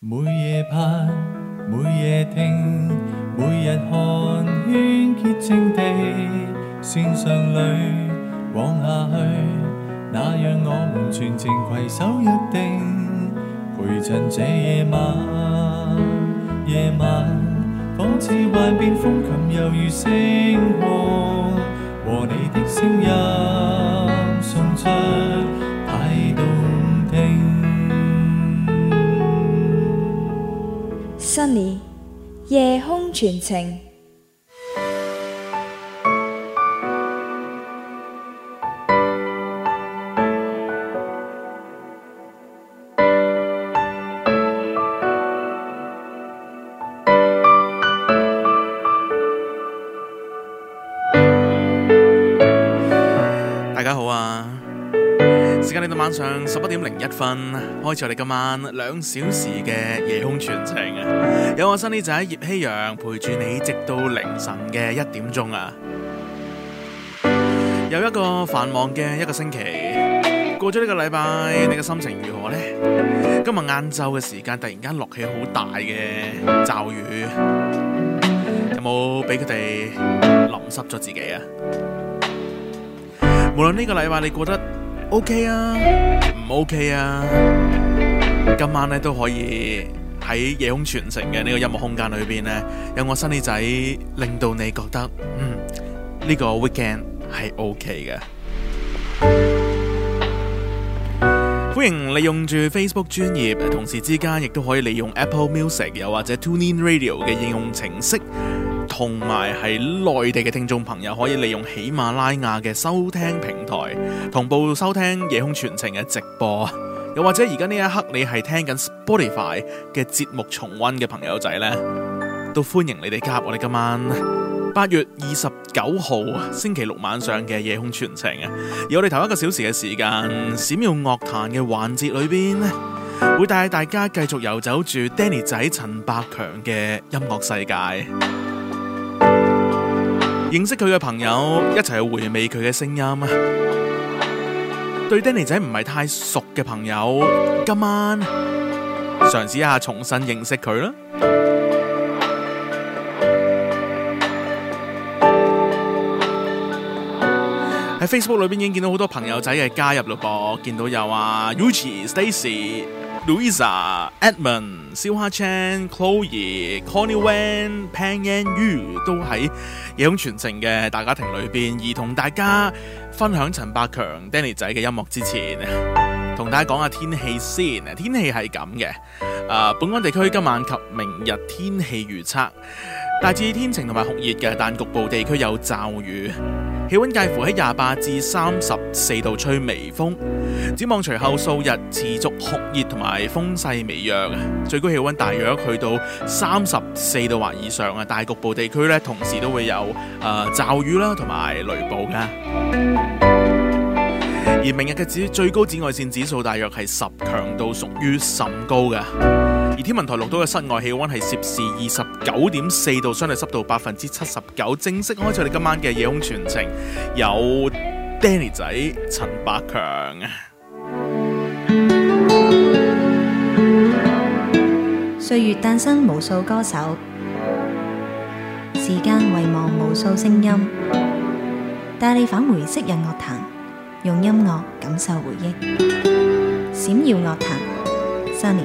每夜盼，每夜聽，每日看，願潔淨地線上裏往下去，那讓我們全情攜手約定，陪襯這夜晚。夜晚仿似幻變，風琴猶如星河，和你的聲音送出。新年夜空傳情。Sunny，晚上十一點零一分，開始我哋今晚兩小時嘅夜空傳情啊！ 有我新呢仔葉希揚陪住你，直到凌晨嘅一點鐘啊！有一個繁忙嘅一個星期，過咗呢個禮拜，你嘅心情如何呢？今日晏晝嘅時間，突然間落起好大嘅驟雨，有冇俾佢哋淋濕咗自己啊？無論呢個禮拜你過得，OK 啊，唔 OK 啊，今晚咧都可以喺夜空全城嘅呢個音樂空間裏邊呢，有我 Sunny 仔令到你覺得，嗯，呢、這個 Weekend 係 OK 嘅。 歡迎利用住 Facebook 專頁，同時之間亦都可以利用 Apple Music 又或者 TuneIn Radio 嘅應用程式。同埋係內地嘅聽眾朋友，可以利用喜馬拉雅嘅收聽平台同步收聽夜空傳情嘅直播。又或者而家呢一刻你係聽緊 Spotify 嘅節目重溫嘅朋友仔呢，都歡迎你哋加入我哋今晚八月二十九號星期六晚上嘅夜空傳情啊！而我哋頭一個小時嘅時間，閃耀樂壇嘅環節裏邊，會帶大家繼續游走住 Danny 仔陳百強嘅音樂世界。認識佢嘅朋友一齊去回味佢嘅聲音啊！對 Danny 仔唔係太熟嘅朋友，今晚嘗試一下重新認識佢啦！喺 Facebook 裏邊已經見到好多朋友仔嘅加入嘞噃，見到有啊，Ruchi St、Stacy。Louisa、Lou Edmond、si、Sylha Chan Chloe, Connie、Chloe、Connie Wen、Pang and Yu 都喺夜空傳情嘅大家庭裏邊，而同大家分享陳百強 Danny 仔嘅音樂之前，同 大家講下天氣先。天氣係咁嘅，啊、呃，本港地區今晚及明日天氣預測大致天晴同埋酷熱嘅，但局部地區有驟雨。氣溫介乎喺廿八至三十四度，吹微風。展望隨後數日持續酷熱同埋風勢微弱，最高氣溫大約去到三十四度或以上啊！但局部地區咧，同時都會有誒、呃、驟雨啦，同埋雷暴噶。而明日嘅指最高紫外線指數大約係十，強度屬於甚高嘅。而天文台錄到嘅室外氣温係攝氏二十九點四度，相對濕度百分之七十九。正式開咗你今晚嘅夜空傳情，有 Danny 仔陳百強。歲月誕生無數歌手，時間遺忘無數聲音，帶你返回昔日樂壇。用音樂感受回憶，閃耀樂壇，Sunny。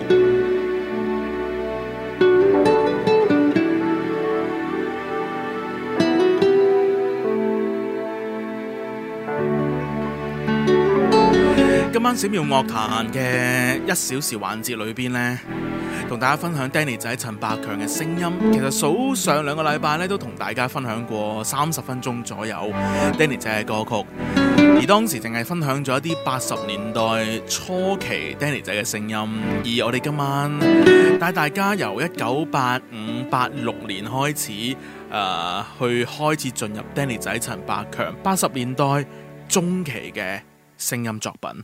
今晚閃耀樂壇嘅一小時環節裏邊呢，同大家分享 Danny 仔陳百強嘅聲音。其實數上兩個禮拜呢，都同大家分享過三十分鐘左右 Danny 仔嘅歌曲。而當時淨係分享咗一啲八十年代初期 Danny 仔嘅聲音，而我哋今晚帶大家由一九八五八六年開始，誒、呃、去開始進入 Danny 仔陳百強八十年代中期嘅聲音作品。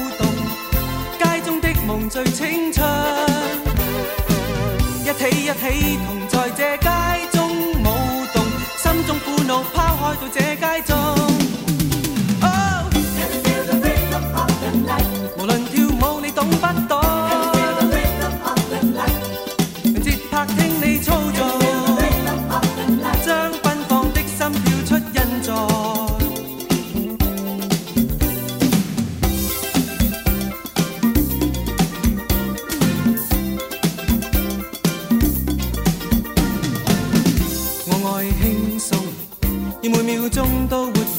一起一起同在這街中舞動，心中苦惱拋開到這。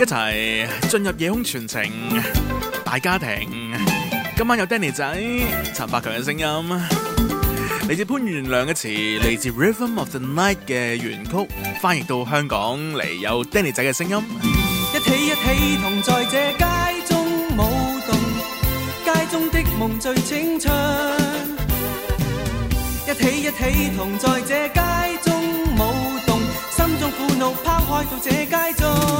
一齊進入夜空傳情大家庭，今晚有 Danny 仔陳百強嘅聲音，嚟自潘源良嘅詞，嚟自 Rhythm of the Night 嘅原曲，翻譯到香港嚟有 Danny 仔嘅聲音，一起一起同在這街中舞動，街中的夢最青春，一起一起同在這街中舞動，心中苦惱拋開到這街中。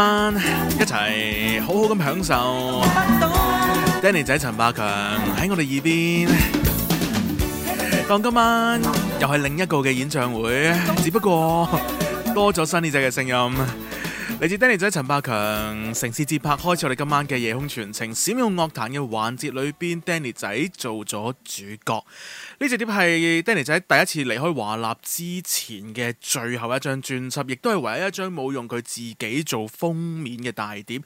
一齊好好咁享受，Danny 仔陳百強喺我哋耳邊。當今晚又係另一個嘅演唱會，只不過多咗 Sunny 仔嘅聲音。嚟自 Danny 仔陳百強《城市節拍》，開始我哋今晚嘅夜空全程閃用樂壇嘅環節裏邊，Danny 仔做咗主角。呢隻碟係 Danny 仔第一次離開華納之前嘅最後一張專輯，亦都係唯一一張冇用佢自己做封面嘅大碟。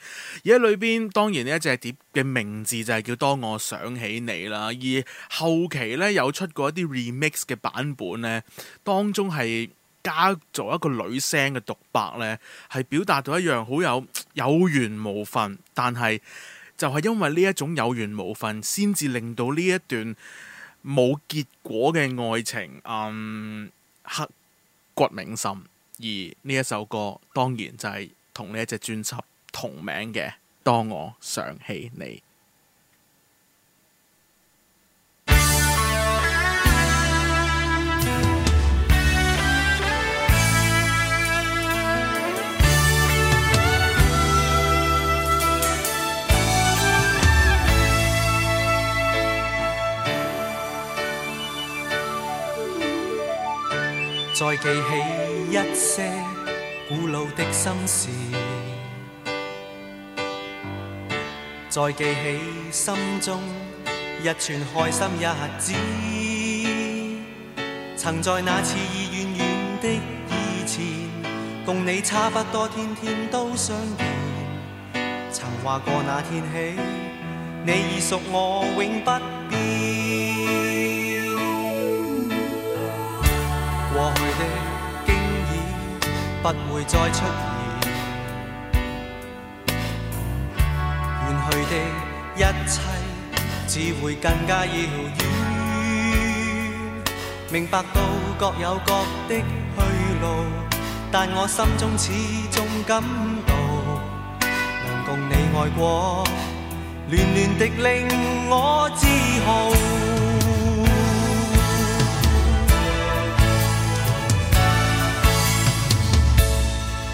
而喺裏邊，當然呢一隻碟嘅名字就係叫《當我想起你》啦。而後期呢，有出過一啲 remix 嘅版本呢，當中係。加做一個女聲嘅獨白咧，係表達到一樣好有有緣無份，但係就係因為呢一種有緣無份，先至令到呢一段冇結果嘅愛情，嗯，刻骨銘心。而呢一首歌當然就係同呢一隻專輯同名嘅《當我想起你》。再記起一些古老的心事，再記起心中一串開心日子。曾在那次已遠遠的以前，共你差不多天天都相見。曾話過那天起，你已屬我永不變。不會再出現，遠去的一切只會更加遙遠。明白到各有各的去路，但我心中始終感到，能共你愛過，亂亂的令我自豪。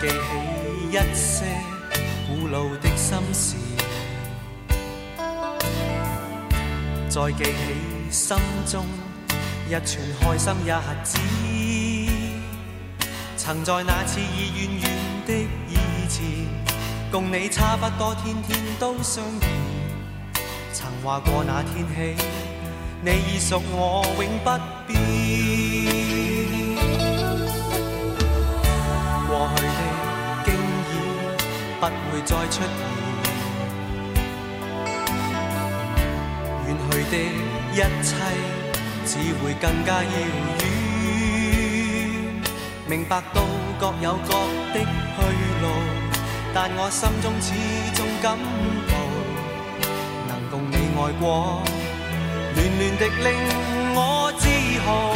記起一些古老的心事，再記起心中一串開心日子。曾在那次已遠遠的以前，共你差不多天天都相見。曾話過那天起，你已屬我永不變。過去。不會再出現，遠去的一切只會更加遙遠。明白到各有各的去路，但我心中始終感到，能共你愛過，暖暖的令我自豪。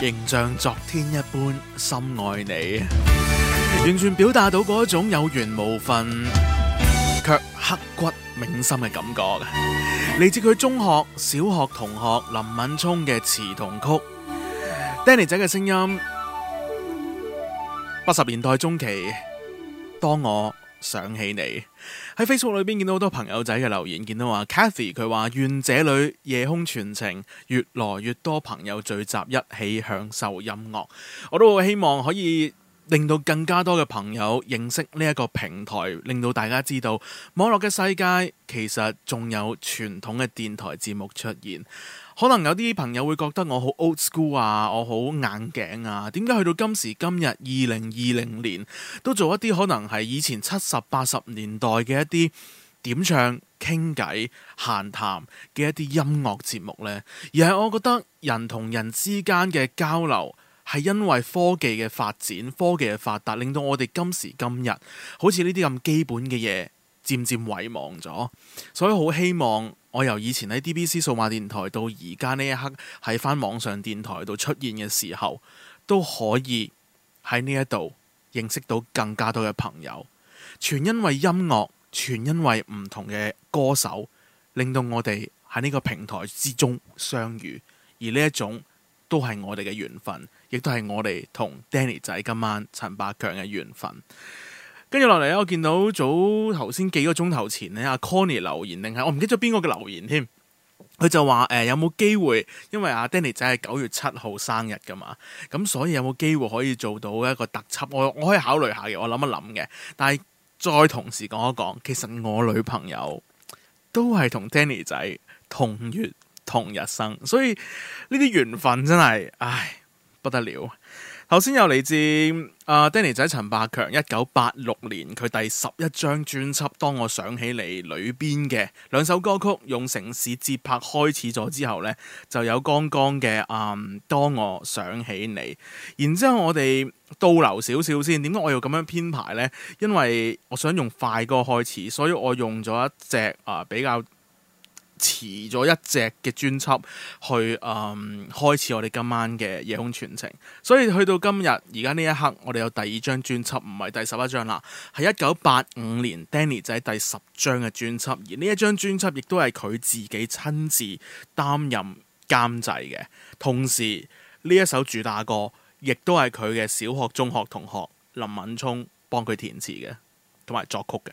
仍像昨天一般深愛你，完全表達到嗰種有緣無分，卻刻骨銘心嘅感覺。嚟自佢中學、小學同學林敏聰嘅詞同曲，Danny 仔嘅聲音，八十年代中期，當我想起你。喺 Facebook 裏邊見到好多朋友仔嘅留言，見到話 Kathy 佢話願這裏夜空傳情，越來越多朋友聚集一起享受音樂。我都好希望可以令到更加多嘅朋友認識呢一個平台，令到大家知道網絡嘅世界其實仲有傳統嘅電台節目出現。可能有啲朋友會覺得我好 old school 啊，我好硬頸啊，點解去到今時今日二零二零年都做一啲可能係以前七十八十年代嘅一啲點唱、傾偈、閒談嘅一啲音樂節目呢？而係我覺得人同人之間嘅交流係因為科技嘅發展、科技嘅發達，令到我哋今時今日好似呢啲咁基本嘅嘢漸漸遺忘咗，所以好希望。我由以前喺 DBC 數碼電台到而家呢一刻喺翻網上電台度出現嘅時候，都可以喺呢一度認識到更加多嘅朋友，全因為音樂，全因為唔同嘅歌手，令到我哋喺呢個平台之中相遇，而呢一種都係我哋嘅緣分，亦都係我哋同 Danny 仔今晚陳百強嘅緣分。跟住落嚟咧，我見到早頭先幾個鐘頭前咧，阿 Connie 留言，定係我唔記得咗邊個嘅留言添。佢就話：誒有冇機會？因為阿 Danny 仔係九月七號生日噶嘛，咁所以有冇機會可以做到一個特輯？我我可以考慮下嘅，我諗一諗嘅。但係再同時講一講，其實我女朋友都係同 Danny 仔同月同日生，所以呢啲緣分真係唉不得了。頭先又嚟自阿、呃、Danny 仔陳百強一九八六年佢第十一張專輯《當我想起你》裏邊嘅兩首歌曲，用城市節拍開始咗之後呢，就有剛剛嘅《嗯當我想起你》，然之後我哋倒流少少先，點解我要咁樣編排呢？因為我想用快歌開始，所以我用咗一隻啊、呃、比較。辭咗一隻嘅專輯去，嗯，開始我哋今晚嘅夜空傳情。所以去到今日，而家呢一刻，我哋有第二張專輯，唔係第十一張啦，係一九八五年 Danny 仔第十張嘅專輯。而呢一張專輯亦都係佢自己親自擔任監製嘅，同時呢一首主打歌，亦都係佢嘅小學、中學同學林敏聰幫佢填詞嘅，同埋作曲嘅。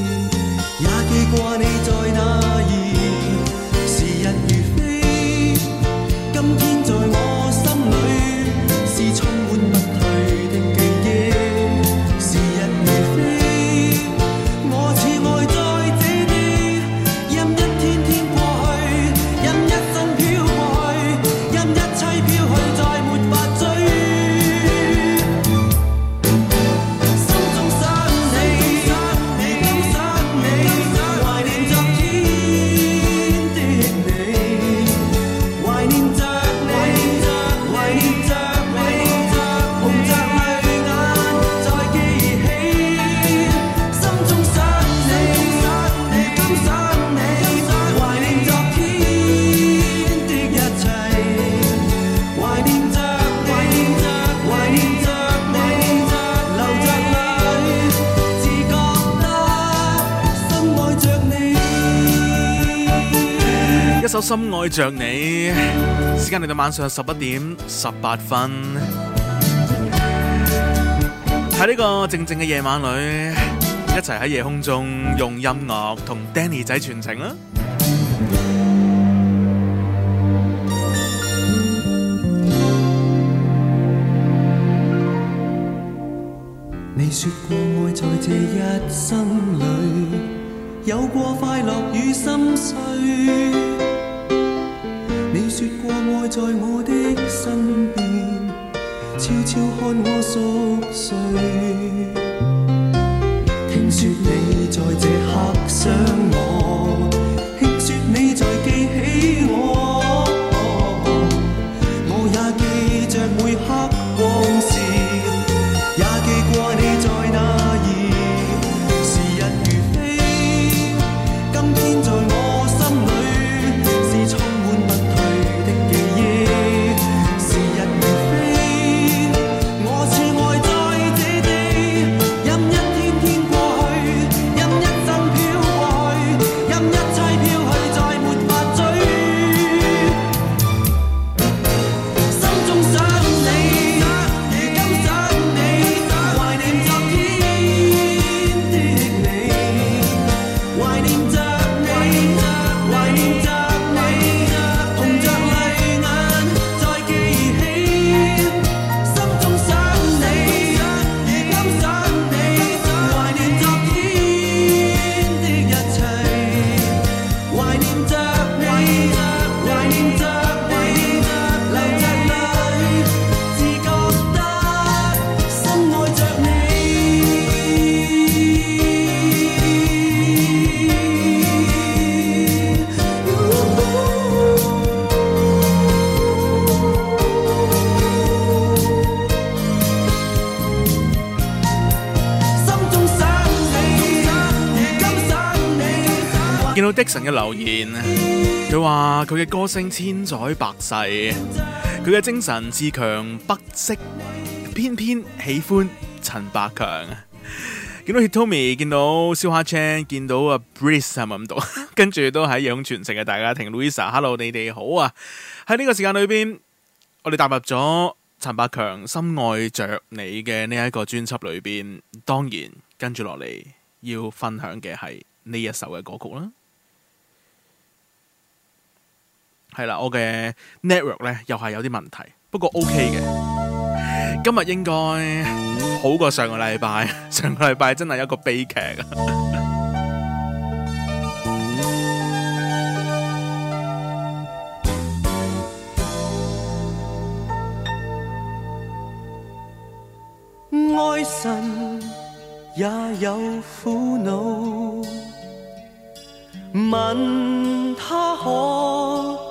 深愛着你，時間嚟到晚上十一點十八分，喺呢個靜靜嘅夜晚裏，一齊喺夜空中用音樂同 Danny 仔傳情啦。你說過愛在這一生裏，有過快樂與心碎。說過愛在我的身邊，悄悄看我熟睡。聽說你在這刻想我。迪神嘅留言，佢話佢嘅歌聲千載百世，佢嘅精神自強不息，偏偏喜歡陳百強。見到 Tommy 見到燒卡 Chan 見到阿 Bris 喺度。 跟住都喺《夜空傳情》嘅大家庭。Lisa，Hello，你哋好啊。喺呢個時間裏邊，我哋踏入咗陳百強深愛著你嘅呢一個專輯裏邊，當然跟住落嚟要分享嘅係呢一首嘅歌曲啦。係啦，我嘅 network 咧又係有啲問題，不過 OK 嘅。今日應該好過上個禮拜，上個禮拜真係一個悲劇。 愛神也有苦惱，問他可？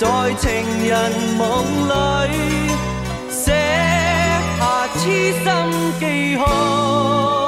在情人夢裏寫下癡心記號。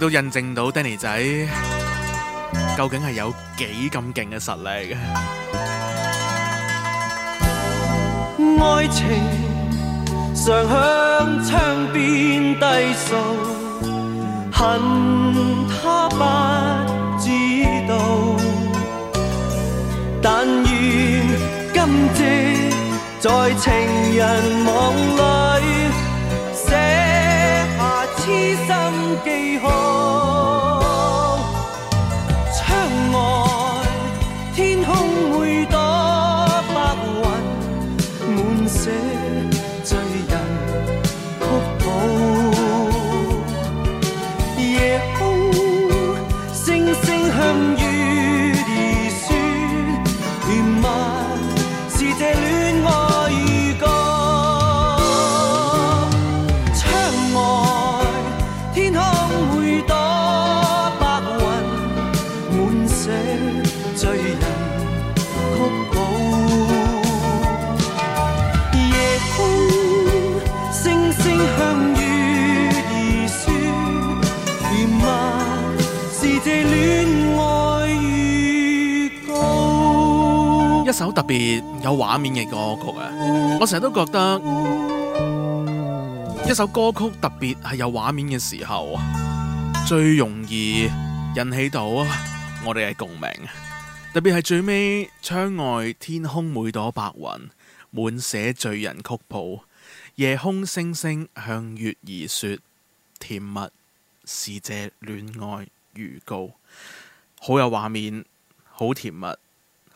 都印證到 Danny 仔究竟係有幾咁勁嘅實力嘅。一首特別有畫面嘅歌曲啊！我成日都覺得，一首歌曲特別係有畫面嘅時候，最容易引起到我哋嘅共鳴。特別係最尾，窗外天空每朵白雲滿寫醉人曲譜，夜空星星向月兒說甜蜜，是這戀愛預告，好有畫面，好甜蜜。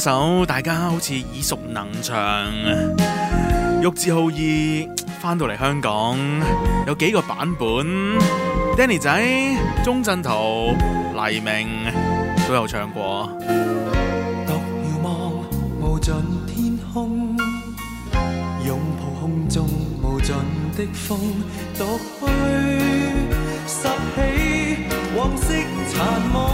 一首大家好似耳熟能詳，玉置浩二翻到嚟香港，有幾個版本，Danny 仔、鍾鎮濤、黎明都有唱過。獨遙望無盡天空，擁抱空中無盡的風，獨去拾起往昔殘夢。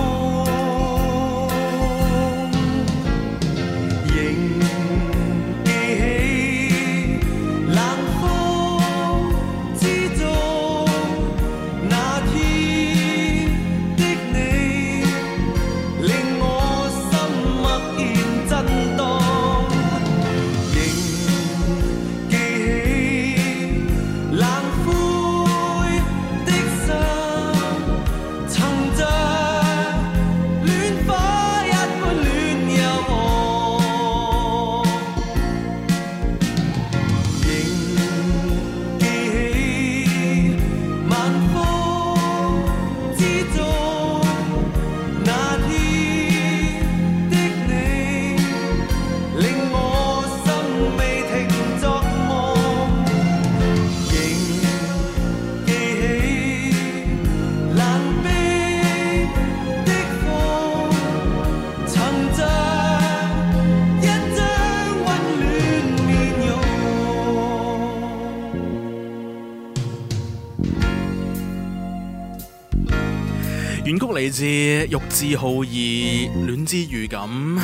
來自慾浩《慾知好意戀之雨》咁，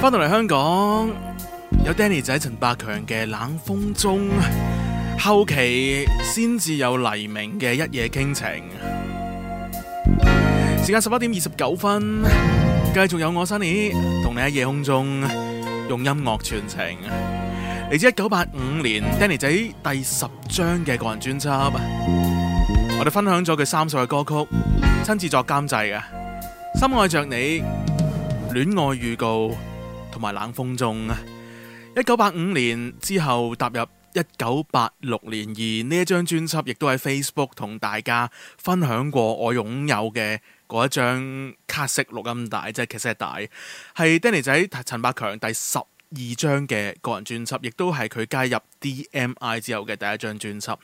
翻到嚟香港有 Danny 仔陳百強嘅《冷風中》，後期先至有黎明嘅《一夜傾情》。時間十八點二十九分，繼續有我 Sunny 同你喺夜空中用音樂傳情，嚟自一九八五年 Danny 仔第十張嘅個人專輯。我哋分享咗佢三首嘅歌曲，親自作監製嘅，《深愛着你》、《戀愛預告》同埋《冷風中》啊！一九八五年之後踏入一九八六年，而呢一張專輯亦都喺 Facebook 同大家分享過。我擁有嘅嗰一張卡式錄音帶，即係卡式帶，係 Danny 仔陳百強第十二張嘅個人專輯，亦都係佢加入 DMI 之後嘅第一張專輯《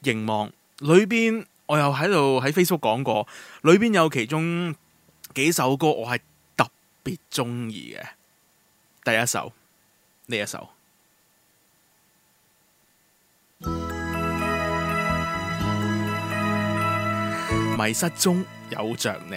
凝望》裏邊。我又喺度喺 Facebook 講過，裏邊有其中幾首歌，我係特別中意嘅。第一首，呢一首《迷失中有着你》。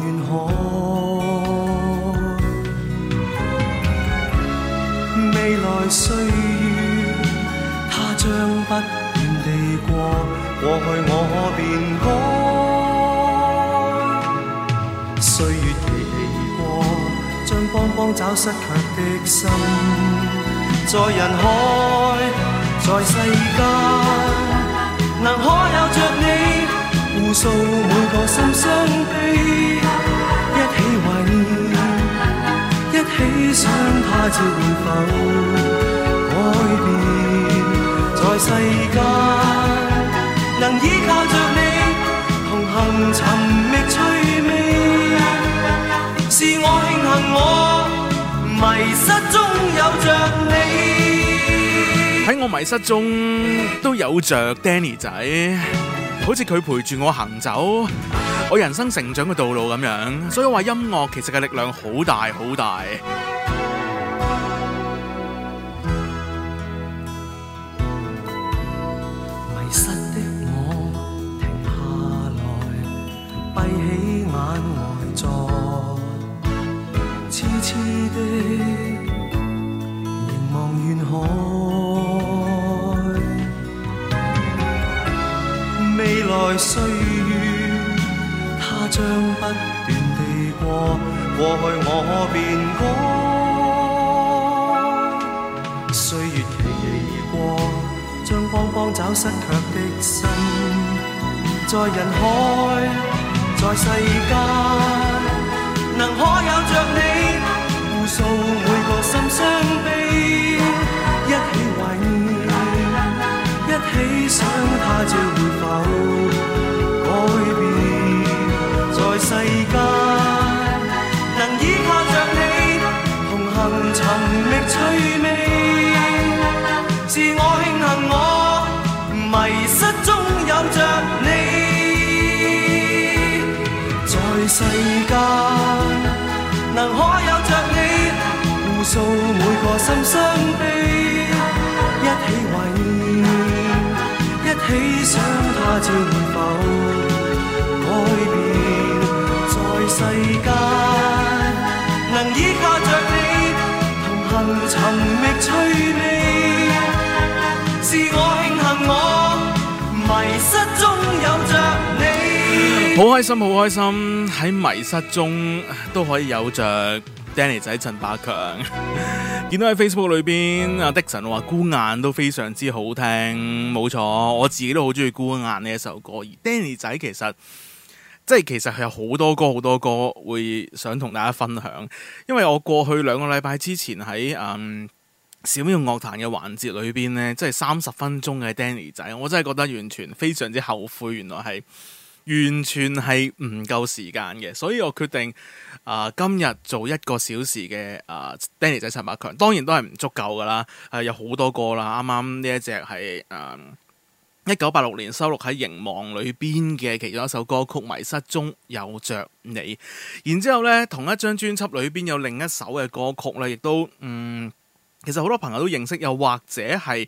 過去我可變改，歲月期期而過，將幫幫找失卻的心，在人海，在世間，能可有着你，互訴每個心傷悲。喺我迷失中都有着 Danny 仔，好似佢陪住我行走我人生成長嘅道路咁樣，所以我話音樂其實嘅力量好大好大。在歲月，它將不斷地過。過去我便過，歲月期期而過，將光芒找失卻的心，在人海，在世間，能可有着你，互訴每個心傷悲。不去想他朝會否改變？在世間能依靠着你，同行尋覓趣味。是我慶幸我迷失中有着你，在世間能可有着你，互訴每個心傷悲。只想他朝能否改變，在世間能依靠着着你你同行，尋覓趣味，是我我慶幸。我迷失中，有着你，好開心，好開心！喺迷失中都可以有着。Danny 仔陳百強， 見到喺 Facebook 裏邊 Dixon 話孤雁都非常之好聽，冇錯，我自己都好中意孤雁呢一首歌。而 Danny 仔其實即係其實係有好多歌好多歌會想同大家分享，因為我過去兩個禮拜之前喺嗯小妙樂壇嘅環節裏邊呢，即係三十分鐘嘅 Danny 仔，我真係覺得完全非常之後悔，原來係。完全係唔夠時間嘅，所以我決定啊、呃，今日做一個小時嘅啊 Danny 仔陳百強，當然都係唔足夠噶啦，係、呃、有好多歌啦，啱啱呢一隻係誒一九八六年收錄喺《凝望》裏邊嘅其中一首歌曲《迷失中有着你》，然之後呢，同一張專輯裏邊有另一首嘅歌曲啦，亦都嗯，其實好多朋友都認識，又或者係。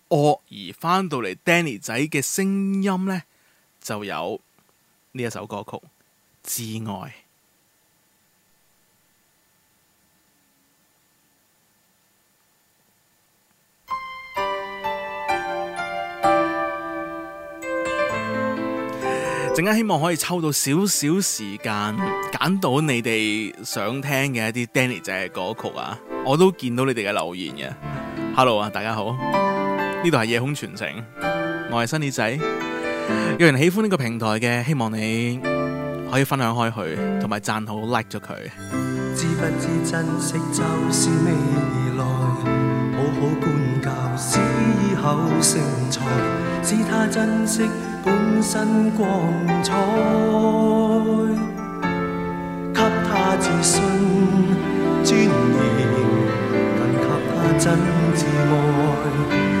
惡而翻到嚟，Danny 仔嘅聲音呢，就有呢一首歌曲《摯愛》。陣間希望可以抽到少少時間揀到你哋想聽嘅一啲 Danny 仔嘅歌曲啊！我都見到你哋嘅留言嘅，Hello 啊，大家好。呢度係夜空傳情，我係 Sunny 仔。有人喜歡呢個平台嘅，希望你可以分享開去，同埋讚好 like 咗佢。知不知珍惜就是未來，好好管教，之後成才，使他珍惜本身光彩，給他自信尊嚴，更給他真摯愛。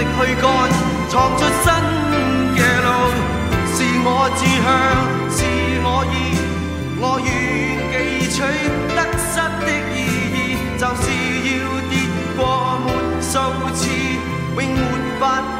力去幹，闖出新嘅路，是我志向，是我意。我願記取得失的意義，就是要跌過無數次，永沒法。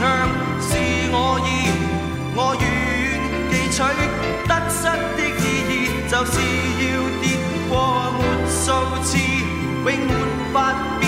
是我意，我願記取得失的意義，就是要跌過沒數次，永沒法。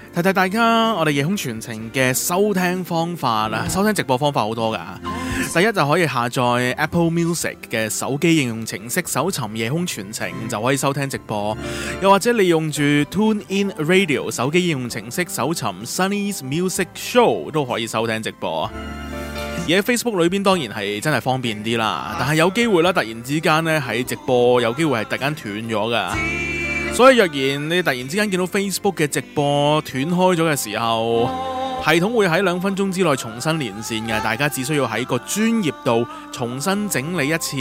提提大家，我哋夜空傳情嘅收聽方法啦，收聽直播方法好多噶。第一就可以下載 Apple Music 嘅手機應用程式，搜尋夜空傳情就可以收聽直播。又或者利用住 Tune In Radio 手機應用程式，搜尋 Sunny's Music Show 都可以收聽直播。而喺 Facebook 裏邊，當然係真係方便啲啦。但係有機會啦，突然之間呢，喺直播有機會係突然間斷咗噶。所以若然你突然之間見到 Facebook 嘅直播斷開咗嘅時候，系統會喺兩分鐘之內重新連線嘅，大家只需要喺個專頁度重新整理一次，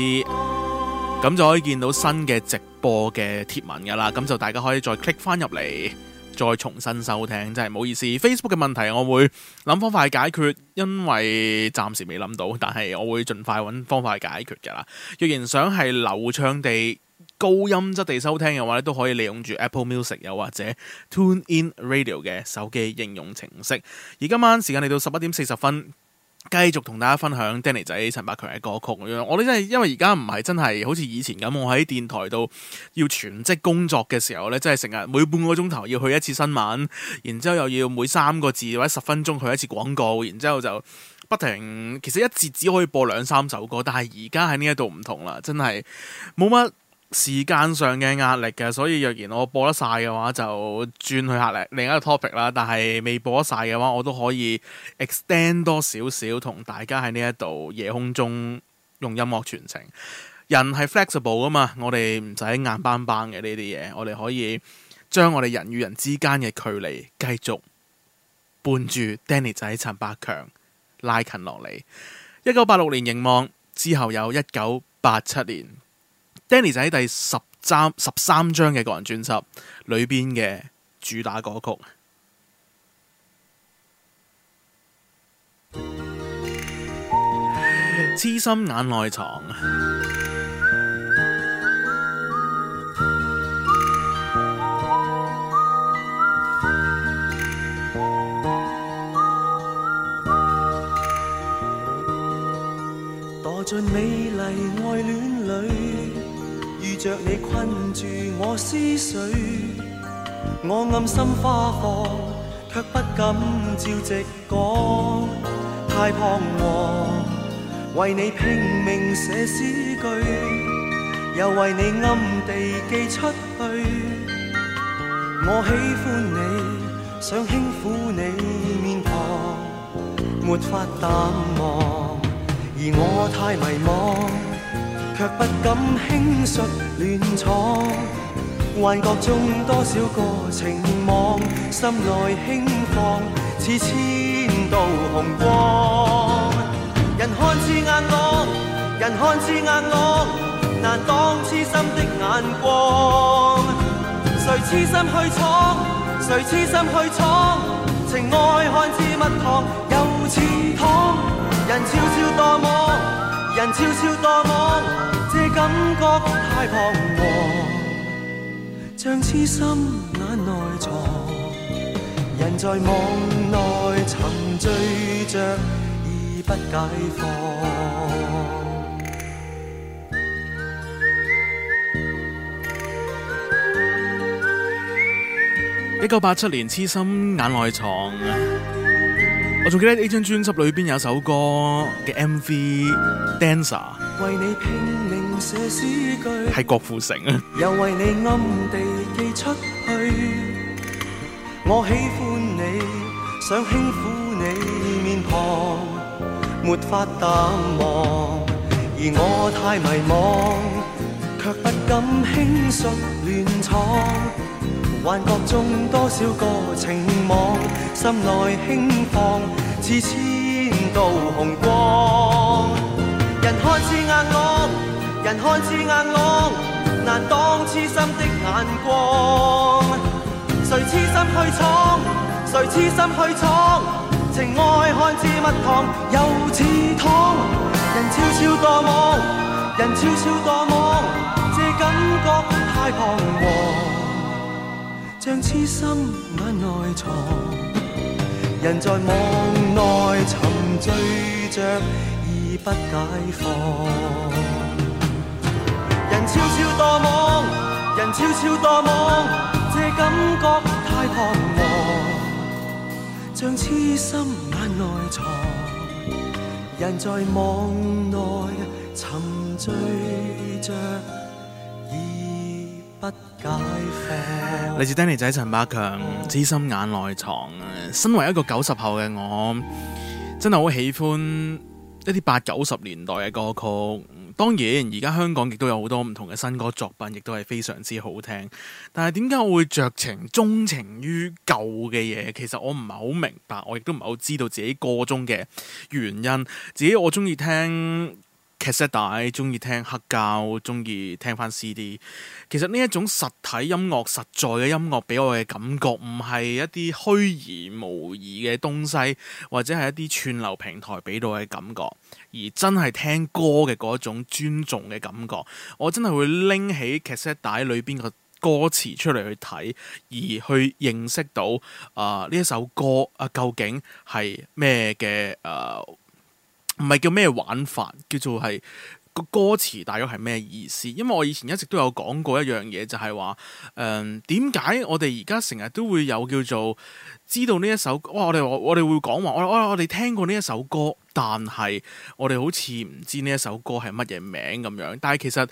咁就可以見到新嘅直播嘅貼文噶啦。咁就大家可以再 click 返入嚟，再重新收聽。真係唔好意思，Facebook 嘅問題我會諗方法解決，因為暫時未諗到，但係我會盡快揾方法解決噶啦。若然想係流暢地。高音質地收聽嘅話咧，都可以利用住 Apple Music 又或者 TuneIn Radio 嘅手機應用程式。而今晚時間嚟到十一點四十分，繼續同大家分享 Danny 仔陳百強嘅歌曲。我哋真係因為而家唔係真係好似以前咁，我喺電台度要全職工作嘅時候咧，真係成日每半個鐘頭要去一次新聞，然之後又要每三個字或者十分鐘去一次廣告，然之後就不停。其實一節只可以播兩三首歌，但係而家喺呢一度唔同啦，真係冇乜時間上嘅壓力嘅，所以若然我播得晒嘅話，就轉去下另一一個 topic 啦。但係未播得晒嘅話，我都可以 extend 多少少，同大家喺呢一度夜空中用音樂傳情。人係 flexible 噶嘛，我哋唔使硬邦邦嘅呢啲嘢。我哋可以將我哋人與人之間嘅距離繼續伴住 Danny 仔陳百強拉近落嚟。一九八六年凝望，之後有一九八七年。Danny 就喺第十三十三張嘅個人專輯裏邊嘅主打歌曲《痴 心眼內藏》，墮 進樂美麗愛戀裏。遇着你困住我思緒，我暗心花放，卻不敢照直講，太彷徨。為你拼命寫詩句，又為你暗地寄出去。我喜歡你，想輕撫你面龐，沒法淡忘，而我太迷惘。卻不敢輕率亂闖，幻覺中多少個情網，心內輕放似千道紅光， 光。人看似硬朗，人看似硬朗，難擋痴心的眼光。誰痴心去闖，誰痴心去闖，情愛看似蜜糖又甜糖，人悄悄墮網。人悄悄墮網，這感覺太彷徨，將痴心眼內藏。人在網內沉醉着，已不解放。一九八七年，痴心眼內藏。我仲記得呢張專輯裏邊有首歌嘅 MV《Dancer》為你拼命寫詩句，係郭富城啊。又為你暗地寄出去，我喜歡你，想輕撫你面龐，沒法淡忘，而我太迷惘，卻不敢輕率亂闖。幻覺中多少個情網，心內輕放，似千道紅光。人看似硬朗，人看似硬朗，難擋痴心的眼光。誰痴心去闖，誰痴心去闖，情愛看似蜜糖又似糖。人悄悄墮網，人悄悄墮網，這感覺太彷徨。將痴心眼內藏，人在網內沉醉着，而不解放。人悄悄墮網，人悄悄墮網，這感覺太彷徨。將痴心眼內藏，人在網內沉醉着。嚟自 Danny 仔陳百強，痴 心眼內藏。身為一個九十後嘅我，真係好喜歡一啲八九十年代嘅歌曲。當然，而家香港亦都有好多唔同嘅新歌作品，亦都係非常之好聽。但係點解我會着情鍾情於舊嘅嘢？其實我唔係好明白，我亦都唔係好知道自己歌中嘅原因。自己我中意聽 cassette 帶，中意聽黑膠，中意聽翻 CD。其實呢一種實體音樂、實在嘅音樂，俾我嘅感覺唔係一啲虛而無疑嘅東西，或者係一啲串流平台俾到嘅感覺，而真係聽歌嘅嗰種尊重嘅感覺。我真係會拎起 cassette 帶裏邊個歌詞出嚟去睇，而去認識到啊呢一首歌啊究竟係咩嘅誒？呃唔係叫咩玩法，叫做係個歌詞大約係咩意思？因為我以前一直都有講過一樣嘢，就係話誒點解，我哋而家成日都會有叫做知道呢一首哇！我哋我哋會講話，我我哋聽過呢一首歌，但係我哋好似唔知呢一首歌係乜嘢名咁樣，但係其實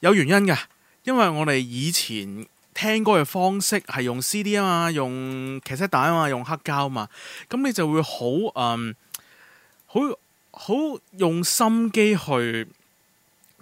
有原因嘅，因為我哋以前聽歌嘅方式係用 CD 啊嘛，用卡式帶啊嘛，用黑膠啊嘛，咁你就會好誒好。嗯好用心機去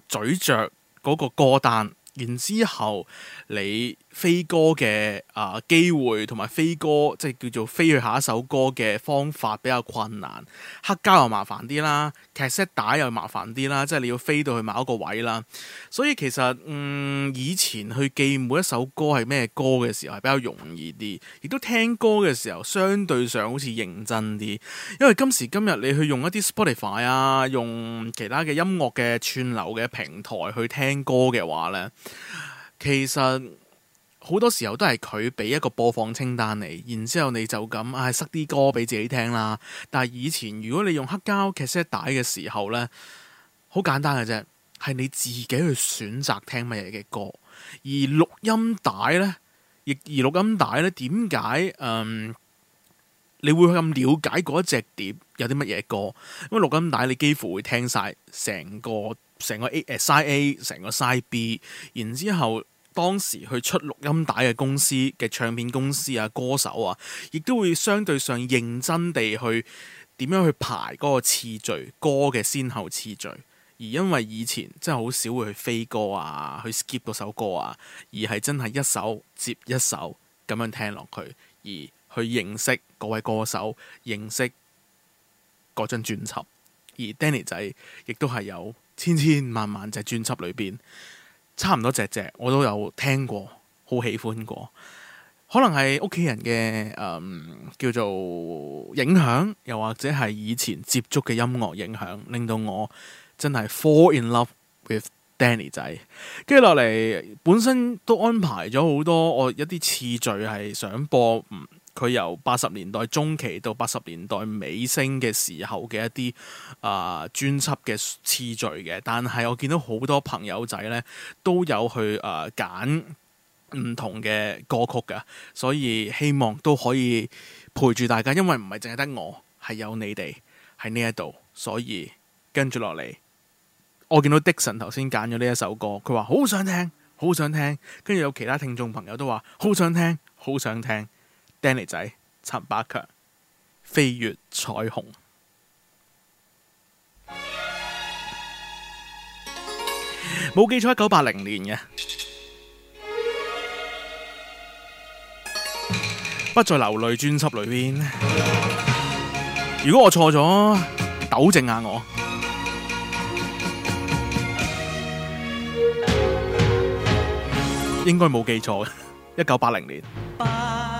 咀嚼嗰個歌單，然之後。你飛歌嘅啊、呃、機會同埋飛歌即係叫做飛去下一首歌嘅方法比較困難，黑膠又麻煩啲啦 c a s e t 打又麻煩啲啦，即係你要飛到去某一個位啦。所以其實嗯，以前去記每一首歌係咩歌嘅時候係比較容易啲，亦都聽歌嘅時候相對上好似認真啲。因為今時今日你去用一啲 Spotify 啊，用其他嘅音樂嘅串流嘅平台去聽歌嘅話呢。其實好多時候都係佢俾一個播放清單嚟，然之後你就咁唉、哎、塞啲歌俾自己聽啦。但係以前如果你用黑膠 cassette 帶嘅時候咧，好簡單嘅啫，係你自己去選擇聽乜嘢嘅歌。而錄音帶咧，亦而錄音帶咧，點解誒你會咁了解嗰一隻碟有啲乜嘢歌？咁錄音帶你幾乎會聽晒成個成個 Side A，成個 Side B，然之後。當時去出錄音帶嘅公司嘅唱片公司啊，歌手啊，亦都會相對上認真地去點樣去排嗰個次序歌嘅先後次序，而因為以前真係好少會去飛歌啊，去 skip 嗰首歌啊，而係真係一首接一首咁樣聽落去，而去認識嗰位歌手，認識嗰張專輯，而 Danny 仔亦都係有千千萬萬隻專輯裏邊。差唔多隻隻，我都有聽過，好喜歡過。可能係屋企人嘅、誒、嗯、叫做影響，又或者係以前接觸嘅音樂影響，令到我真係 fall in love with Danny 仔。跟住落嚟，本身都安排咗好多，我一啲次序係想播唔。佢由八十年代中期到八十年代尾聲嘅時候嘅一啲啊、呃、專輯嘅次序嘅，但係我見到好多朋友仔咧都有去啊揀唔同嘅歌曲噶，所以希望都可以陪住大家，因為唔係淨係得我係有你哋喺呢一度，所以跟住落嚟，我見到 Dixon 頭先揀咗呢一首歌，佢話好想聽，好想聽，跟住有其他聽眾朋友都話好想聽，好想聽。Danny 仔陳百強，飛越彩虹，冇 記錯一九八零年嘅《 不再流淚》專輯裏邊。如果我錯咗，糾正下我， 應該冇記錯嘅一九八零年。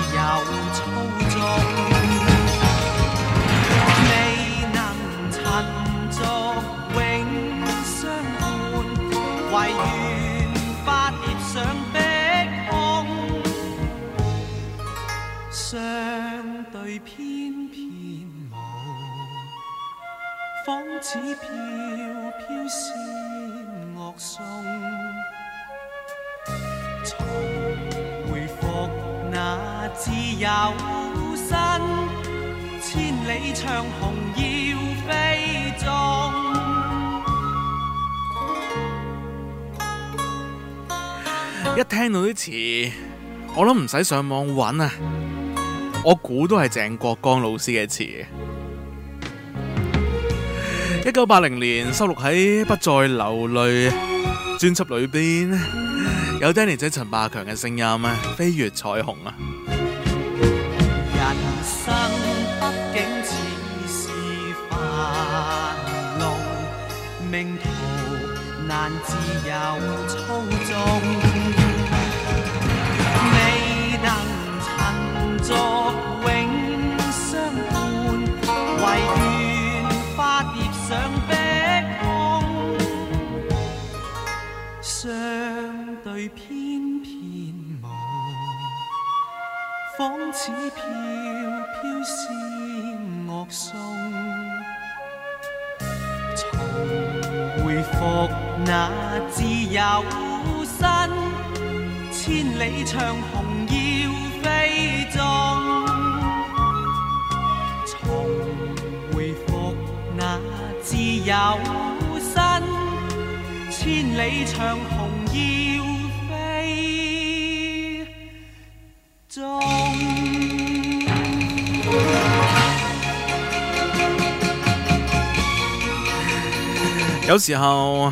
相對翩翩舞，仿似飄飄仙樂送。重回復那自由身，千里長虹要飛縱。 一聽到啲詞，我諗唔使上網揾啊！我估都係鄭國江老師嘅詞，一九八零年收錄喺《不再流淚》專輯裏邊，有 Danny 仔陳百強嘅聲音，飛越彩虹啊！人生畢竟似是繁龍，命途難自由操縱。作永相伴，唯願化蝶上碧空，相對翩翩舞，仿似飄飄仙樂頌。重回復那自由身，千里長虹。有身千里長虹要飛中， 有時候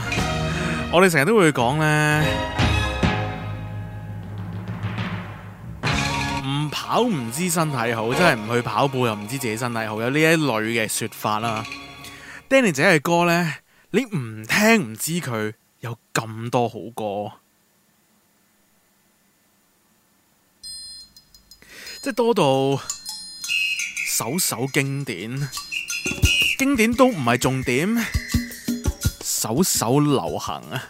我哋成日都會講呢，唔跑唔知身體好，真係唔去跑步又唔知自己身體好，有呢一類嘅說法啦。Danny 姐嘅歌咧，你唔聽唔知佢有咁多好歌，即係多到首首經典，經典都唔係重點，首首流行啊！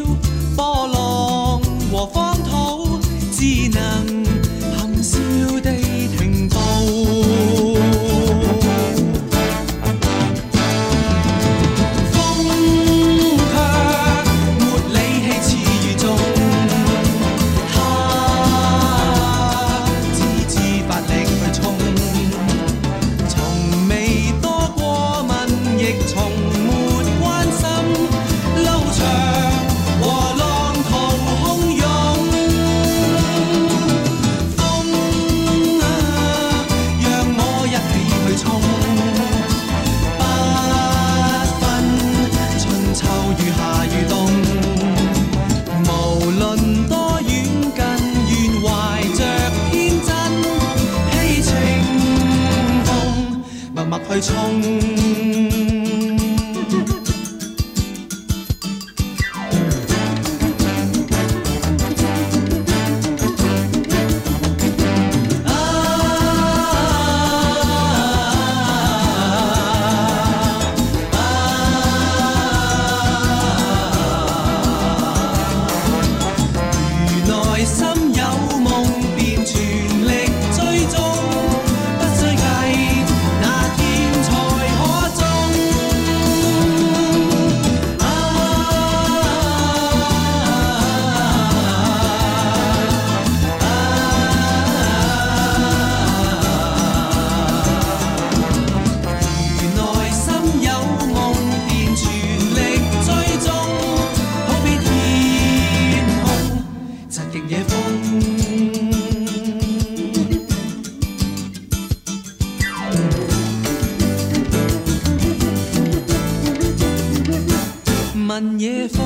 問夜風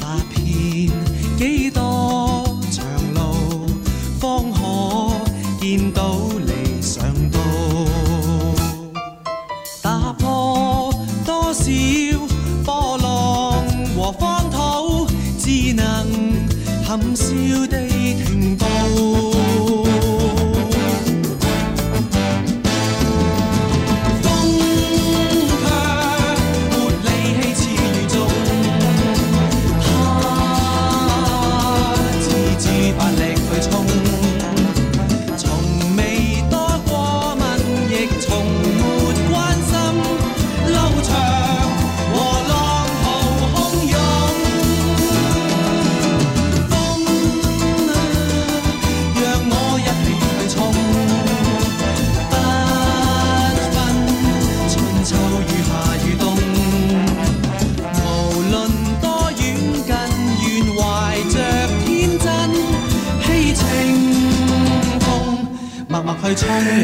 踏遍幾多長路，方可見到理想道。打破多少波浪和荒土，只能含笑。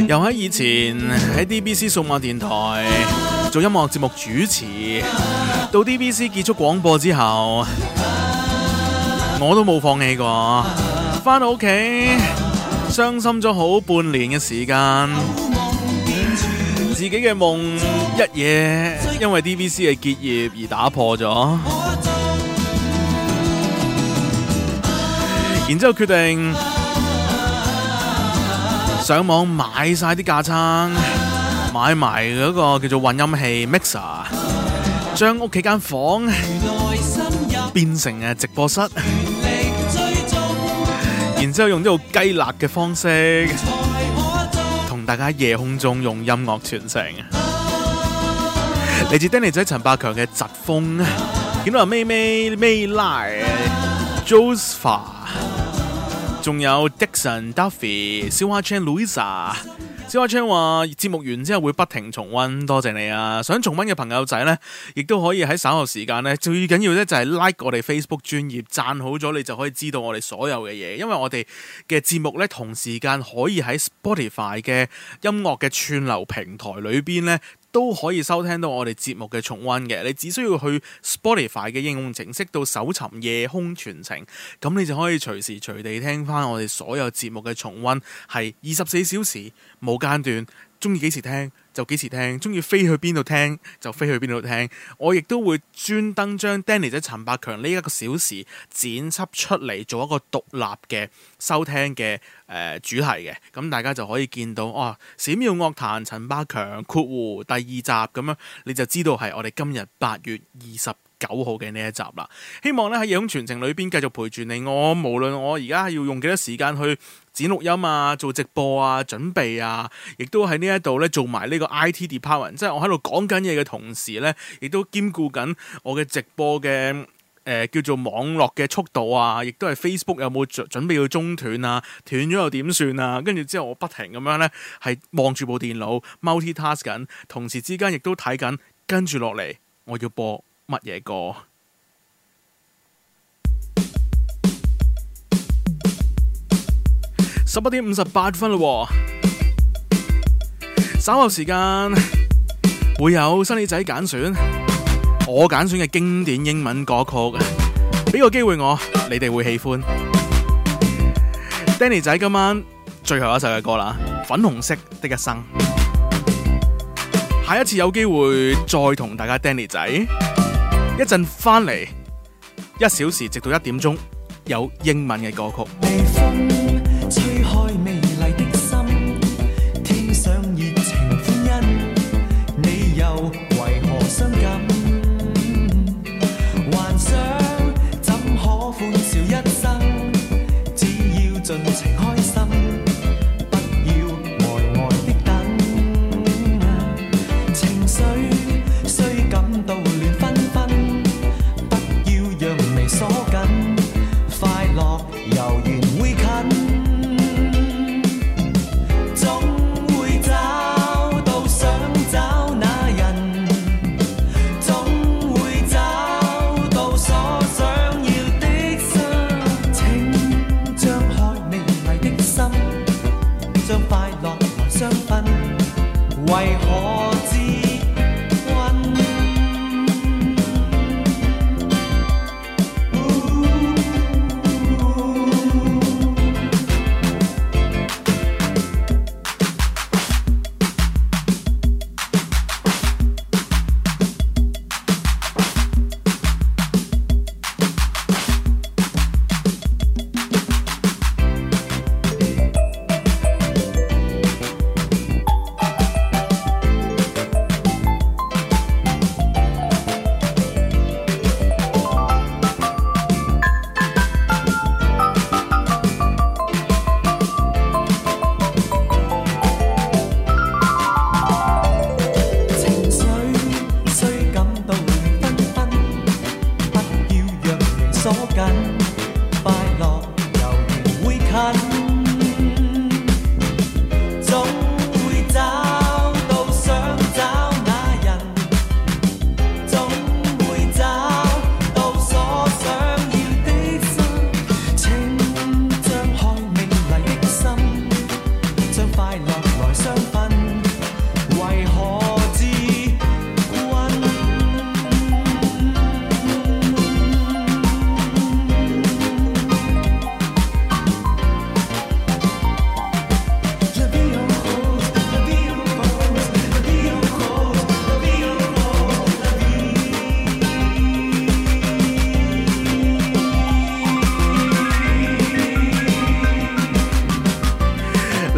又喺以前喺 DBC 數碼電台做音樂節目主持，到 DBC 結束廣播之後，我都冇放棄過。翻到屋企，傷心咗好半年嘅時間，自己嘅夢一夜因為 DBC 嘅結業而打破咗，然之後決定。上網買晒啲架撐，買埋嗰個叫做混音器 mixer，將屋企間房變成誒直播室，然之後用呢度雞辣嘅方式，同大家喺夜空中用音樂傳承。嚟自 Danny 仔、陳百強嘅疾風，點啊，咪咪咪拉 Joseph。仲有 Dixon、si、Duffy、si、小花 chan Louisa、小花 chan 話節目完之後會不停重溫，多謝你啊！想重溫嘅朋友仔呢，亦都可以喺稍後時間呢，最緊要呢就係 like 我哋 Facebook 專頁讚好咗，你就可以知道我哋所有嘅嘢，因為我哋嘅節目呢，同時間可以喺 Spotify 嘅音樂嘅串流平台裏邊呢。都可以收聽到我哋節目嘅重溫嘅，你只需要去 Spotify 嘅應用程式度搜尋夜空傳情，咁你就可以隨時隨地聽翻我哋所有節目嘅重溫，係二十四小時冇間斷，中意幾時聽，就幾時聽，中意飛去邊度聽就飛去邊度聽。我亦都會專登將 Danny 仔陳百強呢一個小時剪輯出嚟，做一個獨立嘅收聽嘅誒、呃、主題嘅。咁、嗯、大家就可以見到哦、啊，閃耀樂壇陳百強括弧第二集咁樣、嗯，你就知道係我哋今日八月二十九號嘅呢一集啦。希望呢喺夜空傳情裏邊繼續陪住你。我無論我而家要用幾多時間去剪錄音啊，做直播啊，準備啊，亦都喺呢一度咧做埋呢個 IT department，即係我喺度講緊嘢嘅同時咧，亦都兼顧緊我嘅直播嘅誒、呃、叫做網絡嘅速度啊，亦都係 Facebook 有冇準準備要中斷啊？斷咗又點算啊？跟住之後我不停咁樣咧係望住部電腦 multitask 緊，同時之間亦都睇緊跟住落嚟我要播乜嘢歌。十一點五十八分啦，稍後時間會有 Sunny 仔揀選，我揀選嘅經典英文歌曲，俾個機會我，你哋會喜歡。Danny 仔今晚最後一首嘅歌啦，《粉紅色的一生》。下一次有機會再同大家 Danny 仔，一陣翻嚟一小時，直到一點鐘有英文嘅歌曲。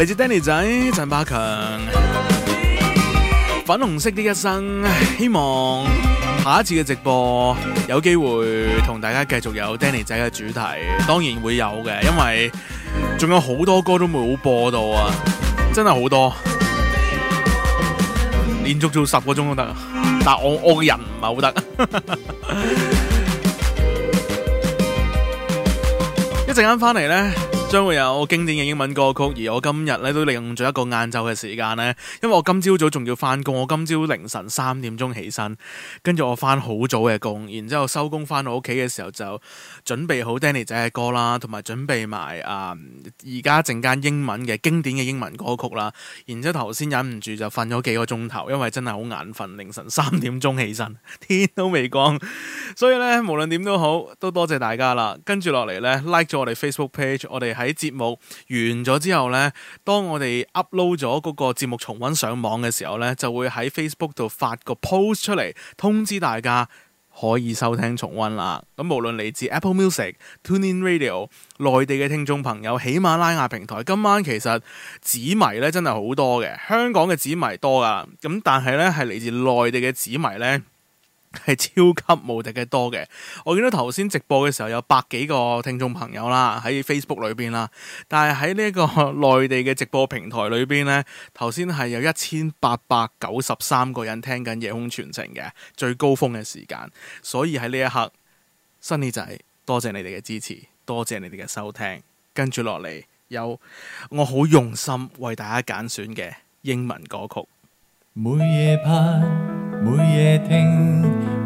嚟自 Danny 仔陳百強，粉紅色的一生。希望下一次嘅直播有機會同大家繼續有 Danny 仔嘅主題，當然會有嘅，因為仲有好多歌都冇播到啊，真係好多，連續做十個鐘都得，但我我嘅人唔係好得。 一陣間翻嚟呢。將會有我經典嘅英文歌曲，而我今日咧都利用咗一個晏晝嘅時間呢，因為我今朝早仲要翻工，我今朝凌晨三點鐘起身，跟住我翻好早嘅工，然之後收工翻到屋企嘅時候就，準備好 Danny 仔嘅歌啦，同埋準備埋啊，而家陣間英文嘅經典嘅英文歌曲啦。然之後頭先忍唔住就瞓咗幾個鐘頭，因為真係好眼瞓，凌晨三點鐘起身，天都未光。所以咧，無論點都好，都多謝大家啦。跟住落嚟呢，like 咗我哋 Facebook page。我哋喺節目完咗之後呢，當我哋 upload 咗嗰個節目重溫上網嘅時候呢，就會喺 Facebook 度發個 post 出嚟通知大家。可以收聽重溫啦。咁無論嚟自 Apple Music、Tune In Radio、內地嘅聽眾朋友、喜馬拉雅平台，今晚其實紙迷咧真係好多嘅。香港嘅紙迷多㗎，咁但係咧係嚟自內地嘅紙迷咧，係超級無敵嘅多嘅，我見到頭先直播嘅時候有百幾個聽眾朋友啦，喺 Facebook 裏邊啦，但係喺呢一個內地嘅直播平台裏邊呢，頭先係有一千八百九十三個人聽緊《夜空傳情》嘅最高峰嘅時間，所以喺呢一刻，Sunny 仔多謝你哋嘅支持，多謝你哋嘅收聽，跟住落嚟有我好用心為大家揀選嘅英文歌曲，每夜拍，每夜聽。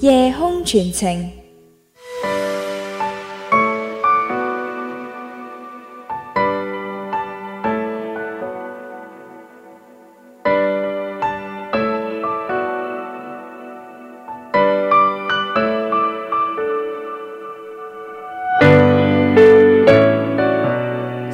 夜空傳情。Yeah,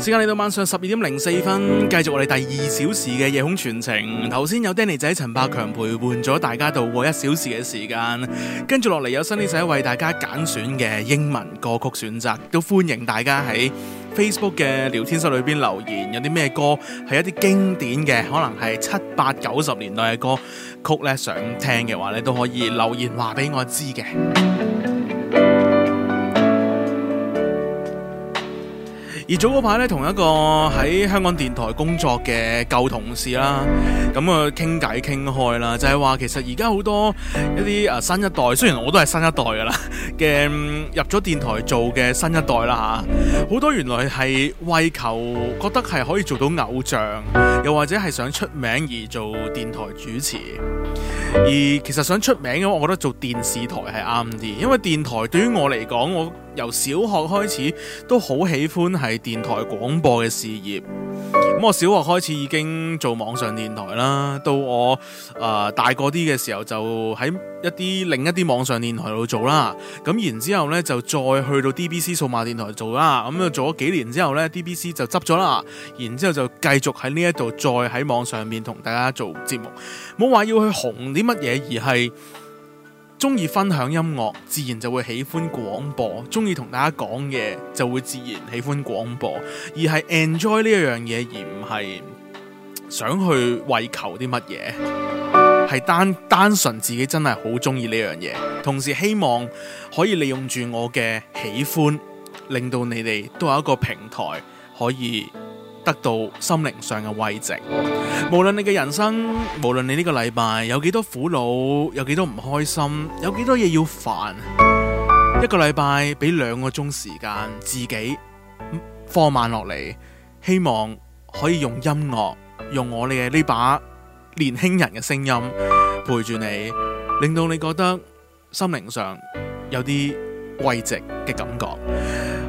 時間嚟到晚上十二點零四分，繼續我哋第二小時嘅夜空傳情。頭先有 Danny 仔、陳百強陪伴咗大家度過一小時嘅時間，跟住落嚟有 Sunny 仔為大家揀選嘅英文歌曲選擇，都歡迎大家喺 Facebook 嘅聊天室裏邊留言，有啲咩歌係一啲經典嘅，可能係七八九十年代嘅歌曲咧，想聽嘅話咧，都可以留言話俾我知嘅。 而早嗰排咧，同一個喺香港電台工作嘅舊同事啦，咁啊傾偈傾開啦，就係話其實而家好多一啲啊新一代，雖然我都係新一代噶啦，嘅入咗電台做嘅新一代啦嚇，好多原來係為求覺得係可以做到偶像，又或者係想出名而做電台主持。而其實想出名嘅話，我覺得做電視台係啱啲，因為電台對於我嚟講，我，由小學開始都好喜歡喺電台廣播嘅事業，咁我小學開始已經做網上電台啦，到我啊、呃、大個啲嘅時候就喺一啲另一啲網上電台度做啦，咁然之後呢，就再去到 DBC 數碼電台做啦，咁做咗幾年之後呢 DBC 就執咗啦，然之後就繼續喺呢一度再喺網上面同大家做節目，冇話要去紅啲乜嘢，而係。中意分享音樂，自然就會喜歡廣播；中意同大家講嘢，就會自然喜歡廣播。而係 enjoy 呢一樣嘢，而唔係想去為求啲乜嘢，係單單純自己真係好中意呢樣嘢，同時希望可以利用住我嘅喜歡，令到你哋都有一個平台可以。得到心靈上嘅慰藉，無論你嘅人生，無論你呢個禮拜有幾多苦惱，有幾多唔開心，有幾多嘢要煩，一個禮拜俾兩個鐘時間自己放慢落嚟，希望可以用音樂，用我哋嘅呢把年輕人嘅聲音陪住你，令到你覺得心靈上有啲慰藉嘅感覺。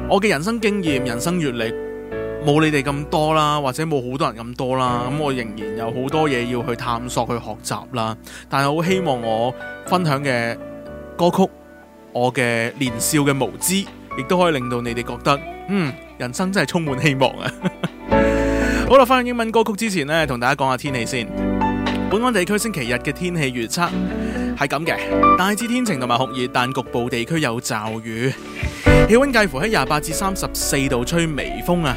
我嘅人生經驗、人生閱歷。冇你哋咁多啦，或者冇好多人咁多啦，咁我仍然有好多嘢要去探索、去學習啦。但係好希望我分享嘅歌曲，我嘅年少嘅無知，亦都可以令到你哋覺得，嗯，人生真係充滿希望啊！ 好啦，翻去英文歌曲之前呢，同大家講下天氣先。本港地區星期日嘅天氣預測係咁嘅，大致天晴同埋酷熱，但局部地區有驟雨。氣溫介乎喺廿八至三十四度，吹微風啊！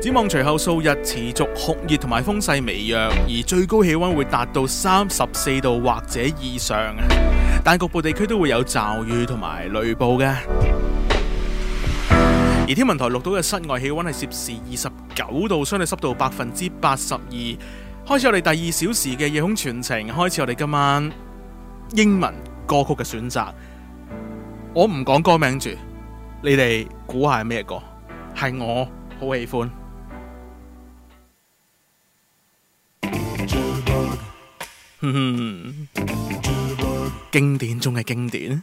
展望隨後數日持續酷熱同埋風勢微弱，而最高氣溫會達到三十四度或者以上啊。但局部地區都會有驟雨同埋雷暴嘅。而天文台錄到嘅室外氣溫係攝氏二十九度，相對濕度百分之八十二。開始我哋第二小時嘅夜空傳情，開始我哋今晚英文歌曲嘅選擇，我唔講歌名住。你哋估下係咩歌？係我好喜歡，哼 經典中嘅經典。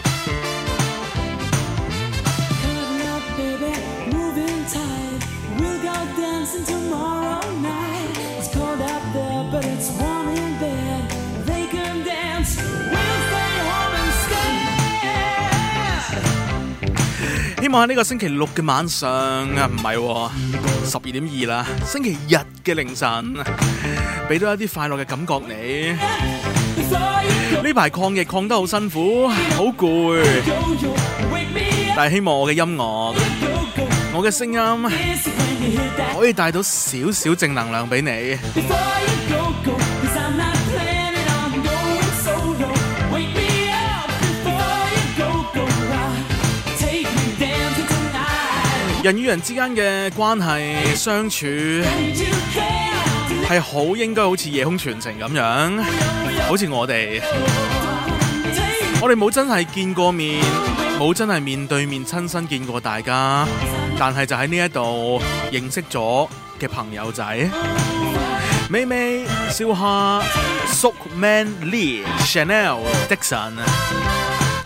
今晚呢個星期六嘅晚上啊，唔係、哦，十二點二啦。星期日嘅凌晨，俾到一啲快樂嘅感覺你。呢排抗疫抗得好辛苦，好攰，但係希望我嘅音樂，我嘅聲音，可以帶到少少正能量俾你。人與人之間嘅關係相處係好應該好似夜空傳情咁樣，好似我哋，我哋冇真係見過面，冇真係面對面親身見過大家，但係就喺呢一度認識咗嘅朋友仔，美美、小夏、叔 Man Lee, Chanel,、Lee、Chanel、Dixon。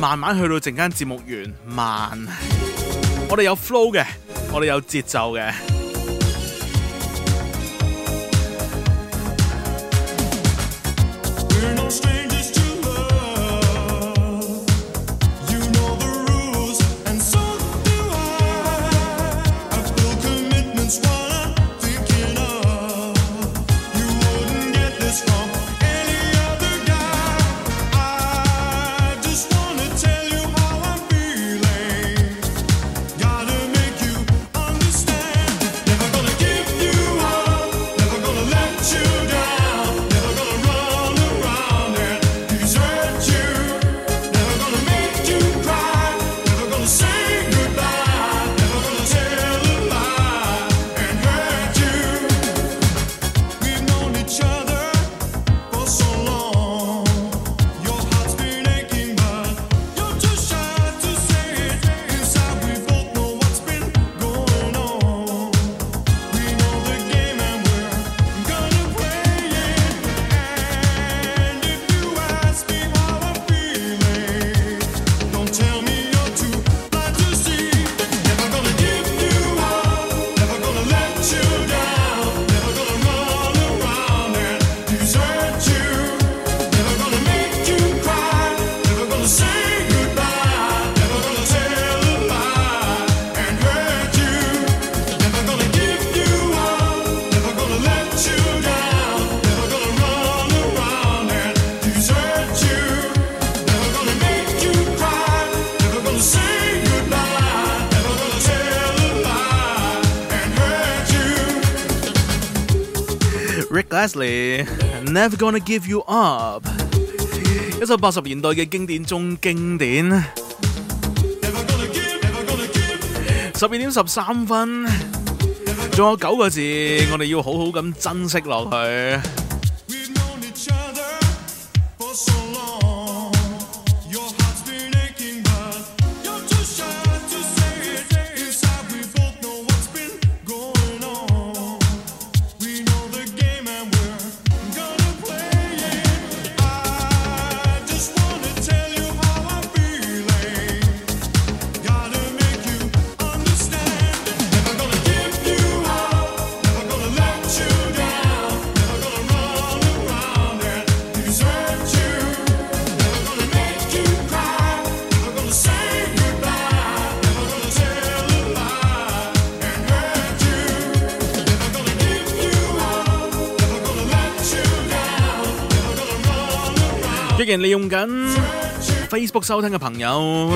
慢慢去到陣間節目完，慢。我哋有 flow 嘅，我哋有節奏嘅。Never gonna give you up，一首八十年代嘅經典中經典。十二點十三分，仲有九個字，我哋要好好咁珍惜落去。最近利用緊 Facebook 收聽嘅朋友，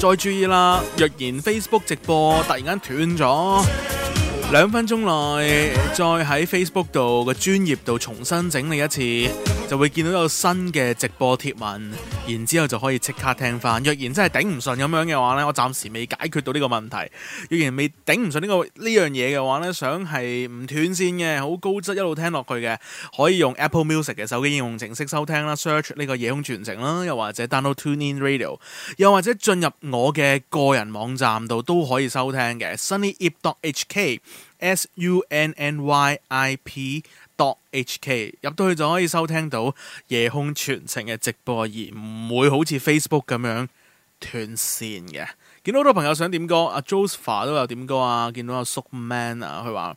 再注意喇！若然 Facebook 直播突然間斷咗，兩分鐘內再喺 Facebook 度嘅專頁度重新整理一次，就會見到有新嘅直播貼文，然之後就可以即刻聽翻。若然真係頂唔順咁樣嘅話咧，我暫時未解決到呢個問題。若然未頂唔順呢個呢樣嘢嘅話咧，想係唔斷線嘅，好高質一路聽落去嘅，可以用 Apple Music 嘅手機應用程式收聽啦。Search 呢個夜空傳情啦，又或者 download TuneIn Radio，又或者進入我嘅個人網站度都可以收聽嘅 Sunnyip.hk。sunnyip.hk 入到去就可以收聽到夜空全程嘅直播，而唔會好似 Facebook 咁樣斷線嘅。見到好多朋友想點歌，阿、啊、Joseph 都有點歌啊。見到阿 Superman 啊，佢話。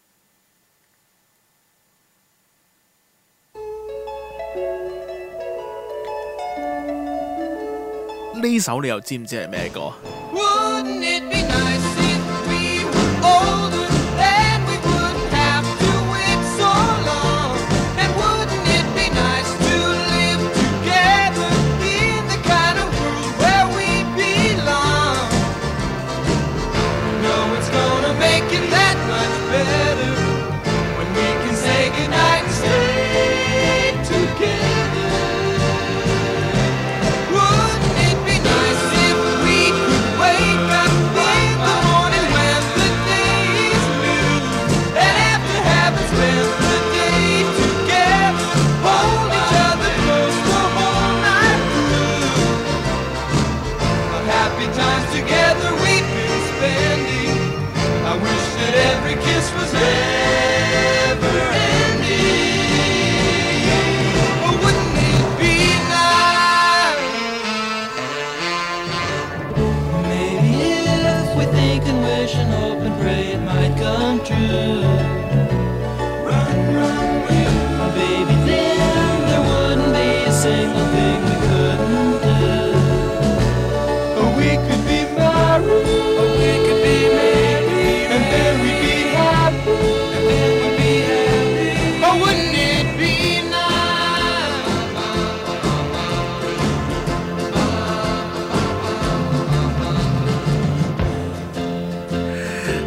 呢首你又知唔知係咩歌？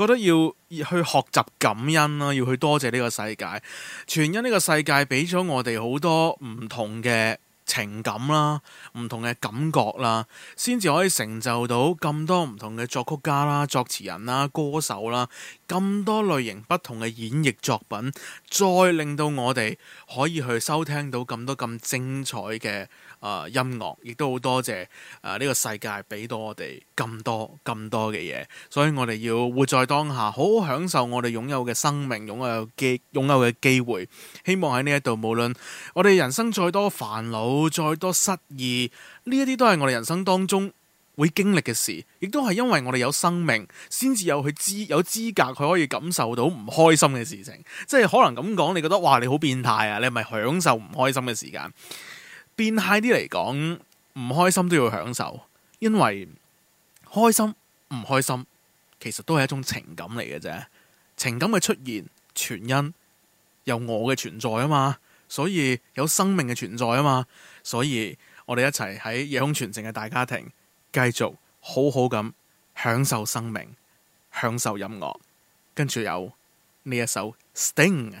覺得要去學習感恩啦，要去多謝呢個世界，全因呢個世界俾咗我哋好多唔同嘅情感啦，唔同嘅感覺啦，先至可以成就到咁多唔同嘅作曲家啦、作詞人啦、歌手啦，咁多類型不同嘅演繹作品，再令到我哋可以去收聽到咁多咁精彩嘅。啊、呃！音樂亦都好多謝啊！呢、呃這個世界俾到我哋咁多咁多嘅嘢，所以我哋要活在當下，好好享受我哋擁有嘅生命，擁有嘅機會。希望喺呢一度，無論我哋人生再多煩惱，再多失意，呢一啲都係我哋人生當中會經歷嘅事，亦都係因為我哋有生命，先至有去資有資格，佢可以感受到唔開心嘅事情。即係可能咁講，你覺得哇，你好變態啊！你係咪享受唔開心嘅時間？變變態啲嚟講，唔開心都要享受，因為開心唔開心其實都係一種情感嚟嘅啫。情感嘅出現，全因有我嘅存在啊嘛，所以有生命嘅存在啊嘛，所以我哋一齊喺夜空全盛嘅大家庭，繼續好好咁享受生命，享受音樂，跟住有呢一首 Sting。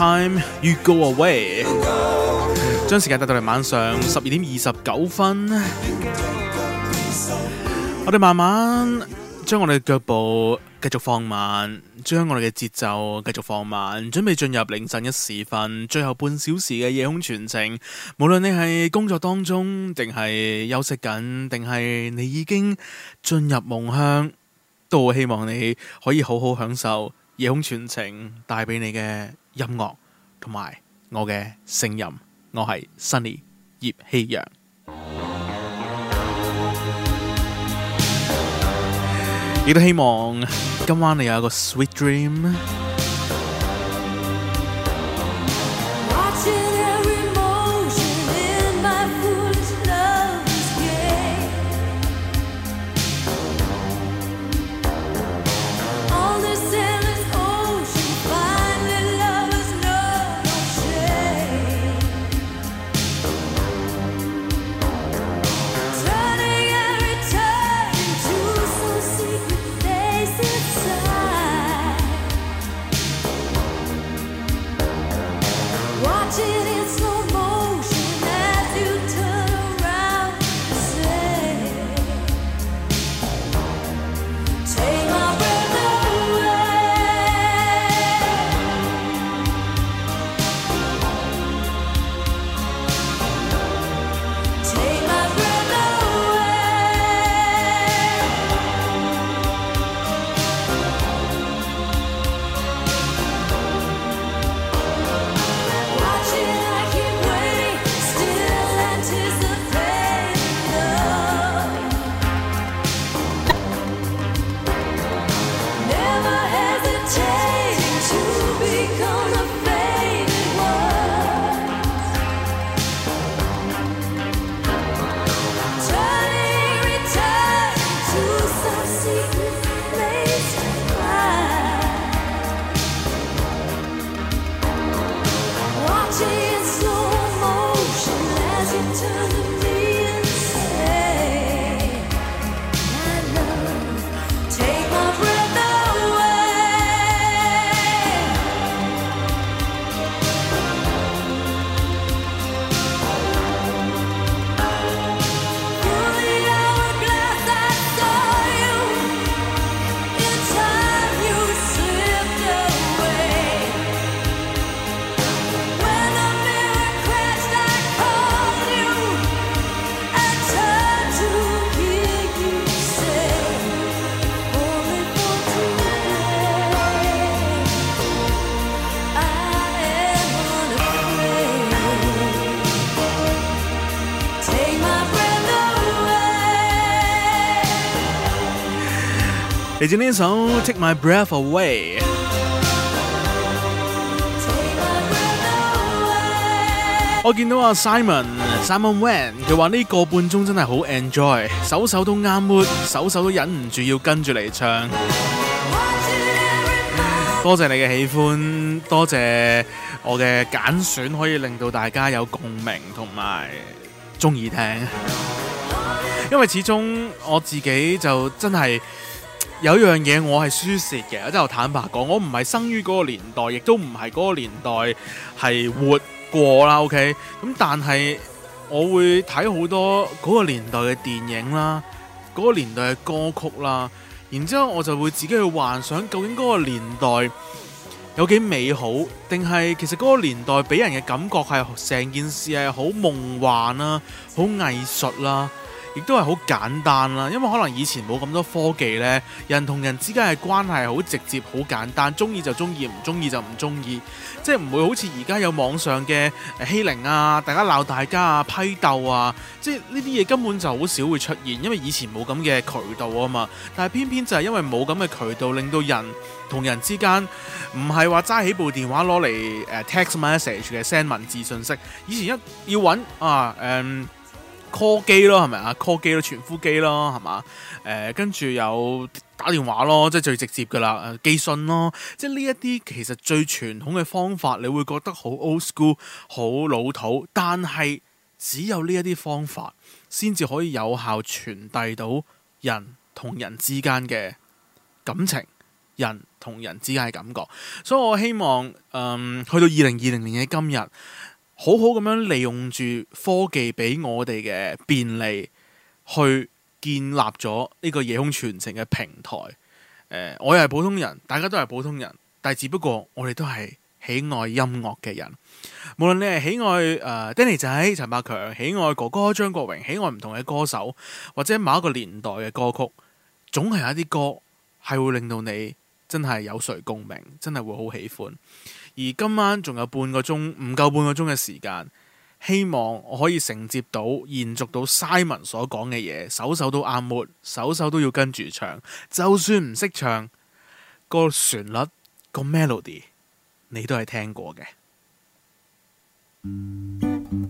Time you go away，將、mm hmm. 時間帶到嚟晚上十二點二十九分，我哋慢慢將我哋腳步繼續放慢，將我哋嘅節奏繼續放慢，準備進入凌晨一時分，最後半小時嘅夜空傳情。無論你係工作當中，定係休息緊，定係你已經進入夢鄉，都我希望你可以好好享受夜空傳情帶俾你嘅。音樂同埋我嘅聲音，我係 Sunny 葉希揚，亦都 希望今晚你有一個 sweet dream。呢首《Take My Breath Away》，我見到阿 Simon，Simon Wan，佢話呢個半鐘真係好 enjoy，首首都啱 mood，首首都忍唔住要跟住嚟唱。多謝你嘅喜歡，多謝我嘅揀選，可以令到大家有共鳴同埋中意聽。因為始終我自己就真係。有樣嘢我係輸蝕嘅，我就坦白講，我唔係生於嗰個年代，亦都唔係嗰個年代係活過啦。OK，咁但係我會睇好多嗰個年代嘅電影啦，嗰個年代嘅歌曲啦，然之後我就會自己去幻想究竟嗰個年代有幾美好，定係其實嗰個年代俾人嘅感覺係成件事係好夢幻啦，好藝術啦。亦都係好簡單啦，因為可能以前冇咁多科技呢。人同人之間嘅關係係好直接、好簡單，中意就中意，唔中意就唔中意，即係唔會好似而家有網上嘅欺凌啊，大家鬧大家啊，批鬥啊，即係呢啲嘢根本就好少會出現，因為以前冇咁嘅渠道啊嘛。但係偏偏就係因為冇咁嘅渠道，令到人同人之間唔係話揸起部電話攞嚟誒 text message 嘅 send 文字信息，以前一要揾啊誒。Um, call 機咯，係咪啊？call 機咯，傳呼機咯，係嘛？誒、呃，跟住有打電話咯，即係最直接㗎喇。誒，寄信咯，即係呢一啲其實最傳統嘅方法，你會覺得好 old school，好老土，但係只有呢一啲方法先至可以有效傳遞到人同人之間嘅感情，人同人之間嘅感覺。所以我希望，嗯，去到二零二零年嘅今日，好好咁樣利用住科技俾我哋嘅便利，去建立咗呢個夜空傳情嘅平台。呃、我又係普通人，大家都係普通人，但係只不過我哋都係喜愛音樂嘅人。無論你係喜愛誒 Danny 仔、陳百強，喜愛哥哥張國榮，喜愛唔同嘅歌手，或者某一個年代嘅歌曲，總係有一啲歌係會令到你真係有誰共鳴，真係會好喜歡。而今晚仲有半個鐘，唔夠半個鐘嘅時，時間，希望我可以承接到、延續到 Simon 所講嘅嘢，首首都啱，末首首都要跟住唱，就算唔識唱個旋律、個 melody，你都係聽過嘅。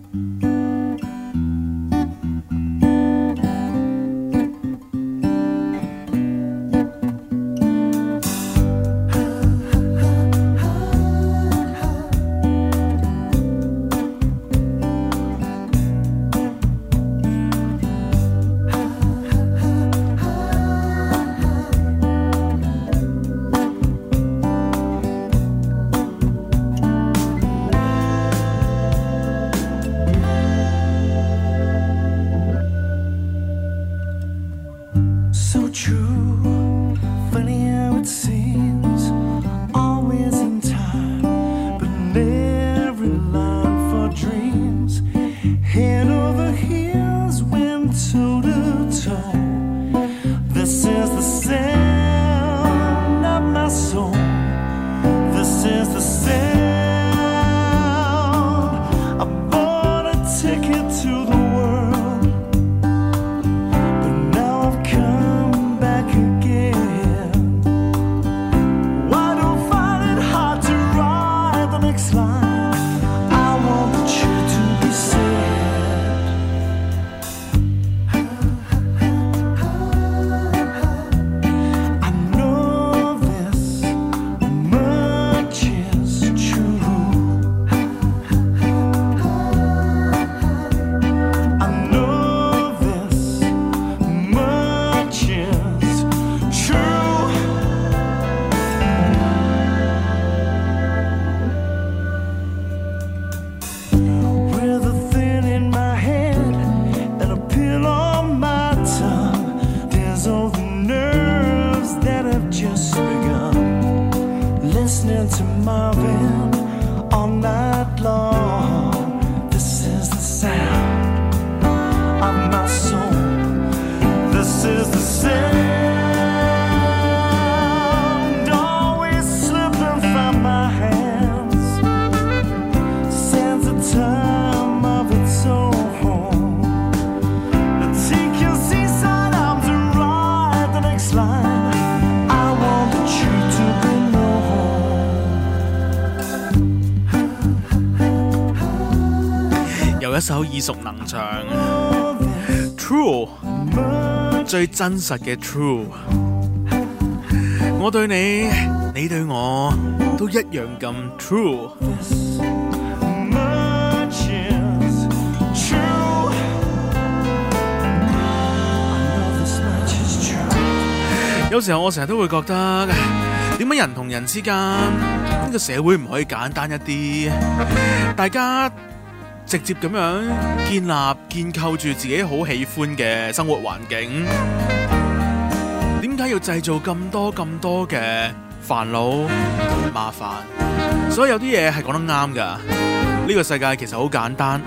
熟能詳，True，最真實嘅 True。我對你，你對我，都一樣咁 True。有時候我成日都會覺得，點解人同人之間呢個社會唔可以簡單一啲？大家。直接咁樣建立建構住自己好喜歡嘅生活環境，點解要製造咁多咁多嘅煩惱同埋麻煩？所以有啲嘢係講得啱噶，呢個世界其實好簡單，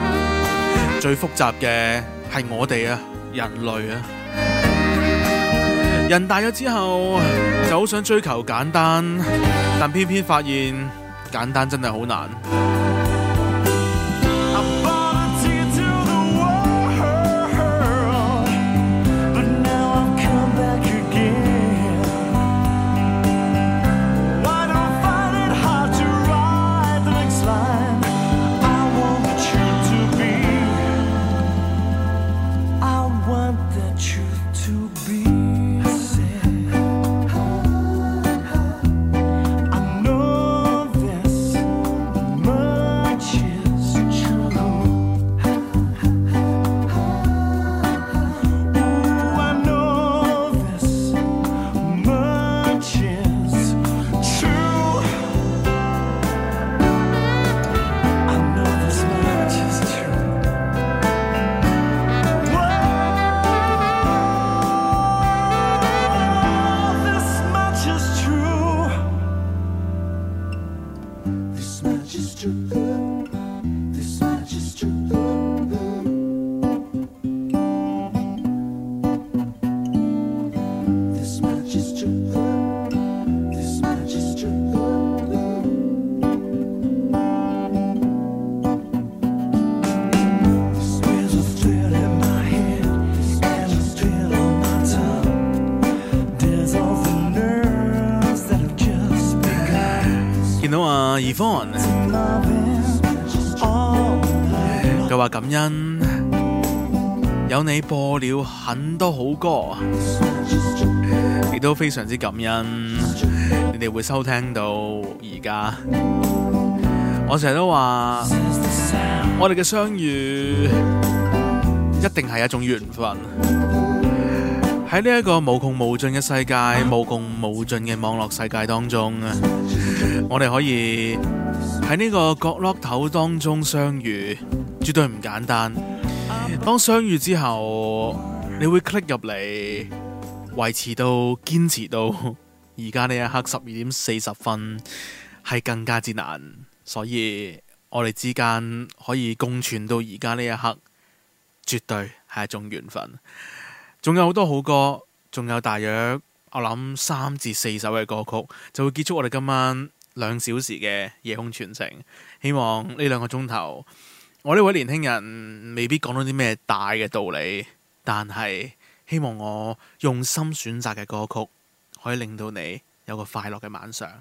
最複雜嘅係我哋啊，人類啊，人大咗之後就好想追求簡單，但偏偏發現簡單真係好難。佢話，oh，感恩，有你播了很多好歌，亦都非常之感恩。你哋會收聽到而家，我成日都話，我哋嘅相遇一定係一種緣分。喺呢一個無窮無盡嘅世界，無窮無盡嘅網絡世界當中，我哋可以喺呢個角落頭當中相遇，絕對唔簡單。當相遇之後，你會 click 入嚟，維持到、堅持到而家呢一刻十二點四十分，係更加之難。所以，我哋之間可以共存到而家呢一刻，絕對係一種緣分。仲有好多好歌，仲有大約我諗三至四首嘅歌曲，就會結束我哋今晚兩小時嘅夜空傳情。希望呢兩個鐘頭，我呢位年輕人未必講到啲咩大嘅道理，但係希望我用心選擇嘅歌曲，可以令到你有個快樂嘅晚上。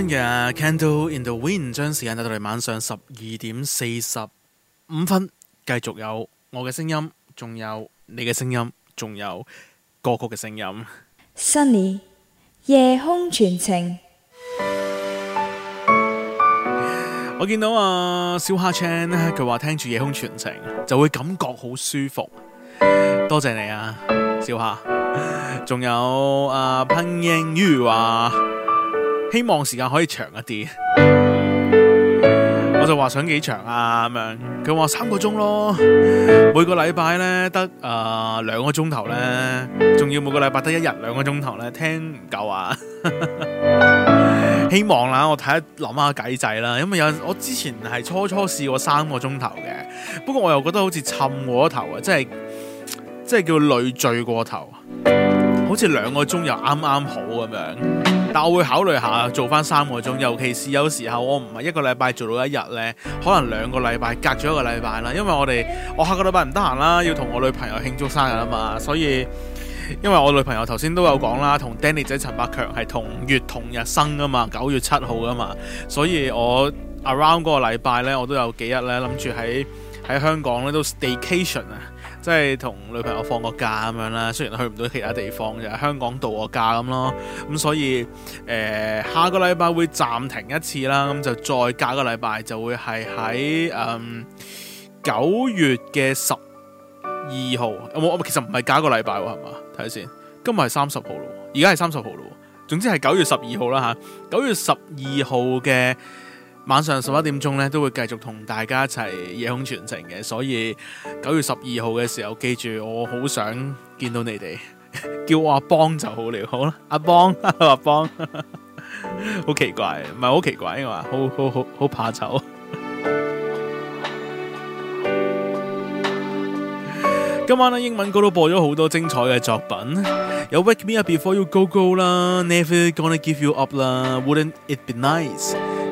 今日 Candle in the Wind 將時間帶到嚟晚上十二點四十五分，繼續有我嘅聲音，仲有你嘅聲音，仲有歌曲嘅聲音。Sunny，夜空傳情， 我見到啊，燒蝦 Chan 佢話聽住夜空傳情就會感覺好舒服，多謝你啊，燒蝦。仲有啊，彭英語話。希望時間可以長一啲， 我就話想幾長啊咁樣，佢話三個鐘咯，每個禮拜咧得誒兩個鐘頭咧，仲要每個禮拜得一日兩個鐘頭咧，聽唔夠啊！ 希望啦，我睇下諗下計仔啦，因為有我之前係初初試過三個鐘頭嘅，不過我又覺得好似沉過頭啊，即係即係叫累滯過頭，好似兩個鐘又啱啱好咁樣。但我會考慮下做翻三個鐘，尤其是有時候我唔係一個禮拜做到一日呢，可能兩個禮拜隔咗一個禮拜啦。因為我哋我下個禮拜唔得閒啦，要同我女朋友慶祝生日啊嘛，所以因為我女朋友頭先都有講啦，同 Danny 仔陳百強係同月同日生啊嘛，九月七號啊嘛，所以我 around 嗰個禮拜呢，我都有幾日呢諗住喺喺香港呢都 staycation 啊。即係同女朋友放個假咁樣啦，雖然去唔到其他地方就係香港度個假咁咯。咁、嗯、所以誒、呃，下個禮拜會暫停一次啦。咁、嗯、就再隔個禮拜就會係喺誒九月嘅十二號。有、哦、冇？我其實唔係隔個禮拜喎，係嘛？睇下先。今日係三十號啦，而家係三十號啦。總之係九月十二號啦嚇。九、啊、月十二號嘅。晚上十一點鐘咧都會繼續同大家一齊夜空傳情嘅，所以九月十二號嘅時候記住，我好想見到你哋， 叫我阿邦就好了，好啦，阿邦呵呵，阿邦， 好奇怪，唔係好奇怪，因為好好好怕醜。 今晚咧英文歌都播咗好多精彩嘅作品，有 Wake Me Up Before You Go Go 啦，Never Gonna Give You Up 啦，Wouldn't It Be Nice。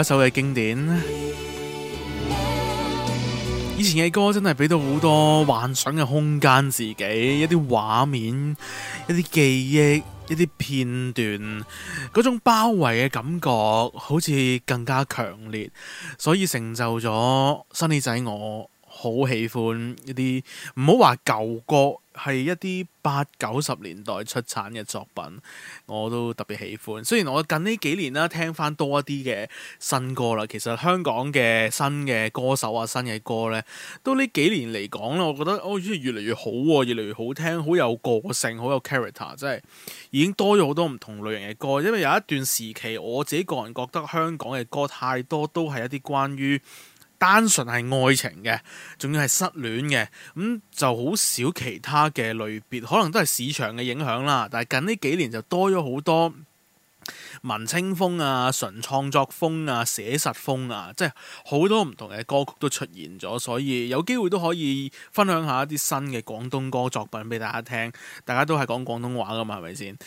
一首嘅經典，以前嘅歌真係俾到好多幻想嘅空間，自己一啲畫面、一啲記憶、一啲片段，嗰種包圍嘅感覺好似更加強烈，所以成就咗 Sunny 仔我，我好喜歡一啲唔好話舊歌。係一啲八九十年代出產嘅作品，我都特別喜歡。雖然我近呢幾年啦聽翻多一啲嘅新歌啦，其實香港嘅新嘅歌手啊、新嘅歌呢，都呢幾年嚟講啦，我覺得我、哦、越嚟越好喎，啊，越嚟越好聽，好有個性，好有 character，真係已經多咗好多唔同類型嘅歌。因為有一段時期，我自己個人覺得香港嘅歌太多都係一啲關於單純係愛情嘅，仲要係失戀嘅，咁、嗯、就好少其他嘅類別，可能都係市場嘅影響啦。但係近呢幾年就多咗好多文青風啊、純創作風啊、寫實風啊，即係好多唔同嘅歌曲都出現咗，所以有機會都可以分享下一啲新嘅廣東歌作品俾大家聽。大家都係講廣東話㗎嘛，係咪先？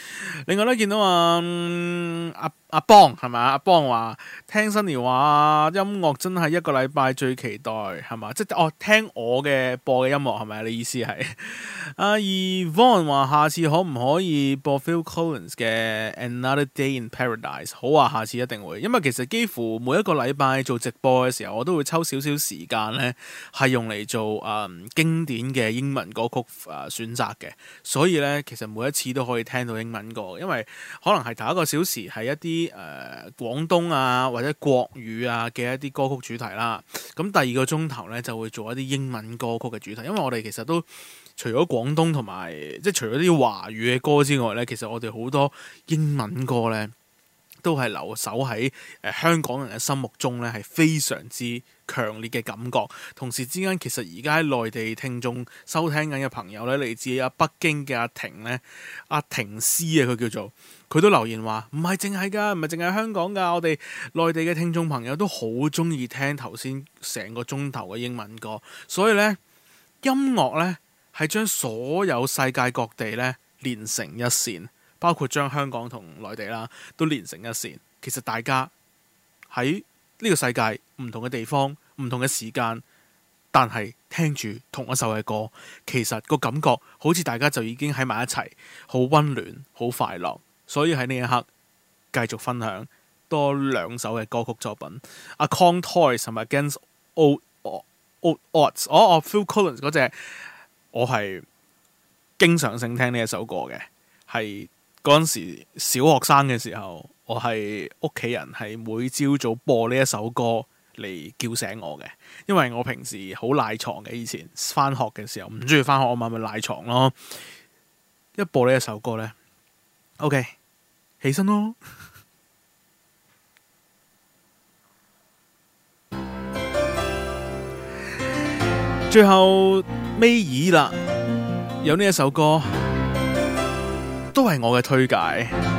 另外咧，見到啊。嗯阿邦係咪啊，阿邦話聽新年話音樂真係一個禮拜最期待係嘛？即係哦，聽我嘅播嘅音樂係咪，你意思係阿而 Vaughan 話下次可唔可以播 Phil Collins 嘅 Another Day in Paradise？好啊，下次一定會，因為其實幾乎每一個禮拜做直播嘅時候，我都會抽少少時間咧，係用嚟做誒、嗯、經典嘅英文歌曲啊選擇嘅，所以咧其實每一次都可以聽到英文歌，因為可能係頭一個小時係一啲。啲誒、呃、廣東啊或者國語啊嘅一啲歌曲主題啦，咁第二個鐘頭咧就會做一啲英文歌曲嘅主題，因為我哋其實都除咗廣東同埋即係除咗啲華語嘅歌之外咧，其實我哋好多英文歌咧都係留守喺誒、呃、香港人嘅心目中咧係非常之強烈嘅感覺，同時之間其實而家喺內地聽眾收聽緊嘅朋友呢，嚟自阿北京嘅阿婷呢，阿婷詩啊佢叫做，佢都留言話，唔係淨係㗎，唔係淨係香港㗎，我哋內地嘅聽眾朋友都好鍾意聽頭先成個鐘頭嘅英文歌，所以呢音樂呢係將所有世界各地呢連成一線，包括將香港同內地啦都連成一線，其實大家喺。呢個世界唔同嘅地方，唔同嘅時間，但係聽住同一首嘅歌，其實個感覺好似大家就已經喺埋一齊，好溫暖，好快樂。所以喺呢一刻繼續分享多兩首嘅歌曲作品，《阿 Contoy》同埋《Against All Odds》oh, oh。哦哦，Phil Collins 嗰隻我係經常性聽呢一首歌嘅，係嗰陣時小學生嘅時候。我係屋企人係每朝早播呢一首歌嚟叫醒我嘅，因為我平時好賴床嘅，以前翻學嘅時候唔中意翻學我嘛，咪賴床咯。一播呢一首歌呢，OK，起身咯。 最後尾二啦，有呢一首歌都係我嘅推介。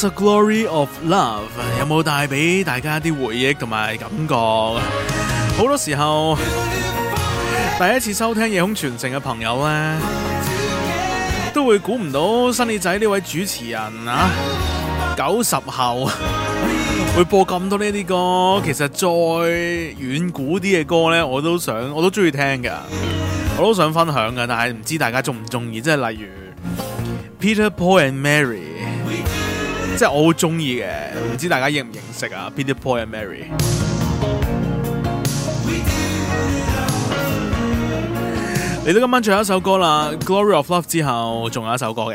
The Glory of Love 有冇帶俾大家啲回憶同埋感覺？好多時候第一次收聽《夜空傳情》嘅朋友呢，都會估唔到 Sunny 仔呢位主持人啊，九十後會播咁多呢啲歌。其實再遠古啲嘅歌呢，我都想，我都中意聽嘅，我都想分享嘅，但係唔知大家中唔中意？即係例如 Peter Paul and Mary。即係我好中意嘅，唔知大家認唔認識啊？Peter Paul and Mary 嚟 到今晚最後一首歌啦，《Glory of Love》之後，仲有一首歌嘅。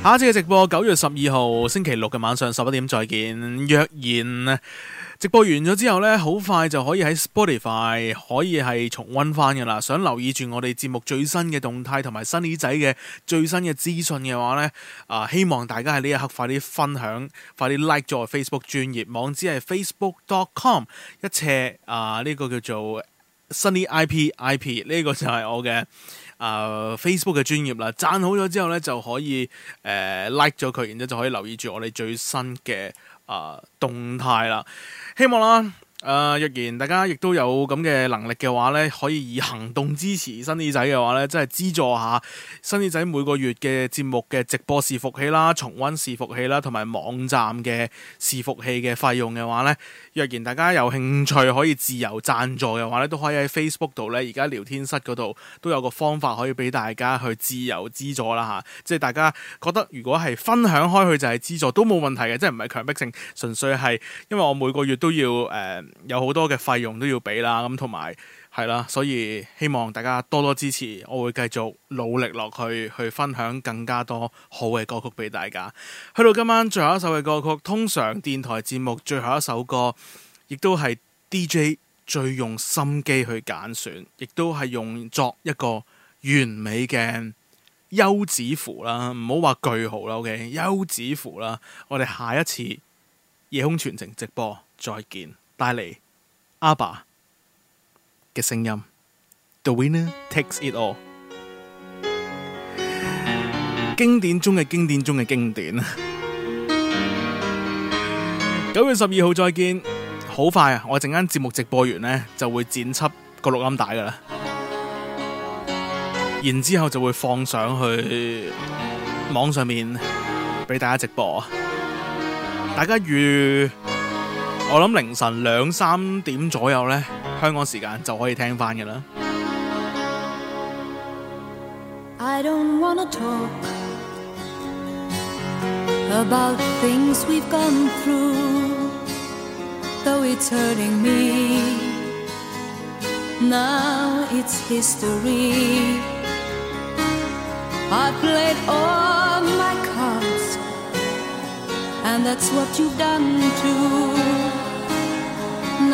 下一次嘅直播九月十二號星期六嘅晚上十一點再見。若然。直播完咗之後呢，好快就可以喺 Spotify 可以係重温翻噶啦。想留意住我哋節目最新嘅動態同埋 Sunny 仔嘅最新嘅資訊嘅話呢，啊、呃、希望大家喺呢一刻快啲分享，快啲 like 咗我 Facebook 專頁，網址係 facebook dot com 一切啊呢、呃這個叫做 Sunny IP IP 呢個就係我嘅啊、呃、Facebook 嘅專頁啦。讚好咗之後呢，就可以誒、呃、like 咗佢，然之後就可以留意住我哋最新嘅。啊、呃，動態啦！希望啦，誒、呃，若然大家亦都有咁嘅能力嘅話咧，可以以行動支持新耳仔嘅話咧，真係資助下新耳仔每個月嘅節目嘅直播伺服器啦、重溫伺服器啦，同埋網站嘅伺服器嘅費用嘅話咧。若然大家有興趣可以自由贊助嘅話咧，都可以喺 Facebook 度咧，而家聊天室嗰度都有個方法可以俾大家去自由資助啦嚇、啊。即係大家覺得如果係分享開去就係資助都冇問題嘅，即係唔係強迫性，純粹係因為我每個月都要誒、呃、有好多嘅費用都要俾啦，咁同埋。係啦，所以希望大家多多支持，我會繼續努力落去去分享更加多好嘅歌曲俾大家。去到今晚最後一首嘅歌曲，通常電台節目最後一首歌，亦都係 DJ 最用心機去揀選，亦都係用作一個完美嘅休止符啦，唔好話句號啦，OK？休止符啦，我哋下一次夜空傳情直播再見，帶嚟阿爸嘅聲音，The winner takes it all。經典中嘅經典中嘅經典。九 月十二號再見，好快啊！我陣間節目直播完呢，就會剪輯個錄音帶噶啦，然之後就會放上去網上面俾大家直播啊！大家預。我諗凌晨兩三點左右呢，香港時間就可以聽翻嘅啦。I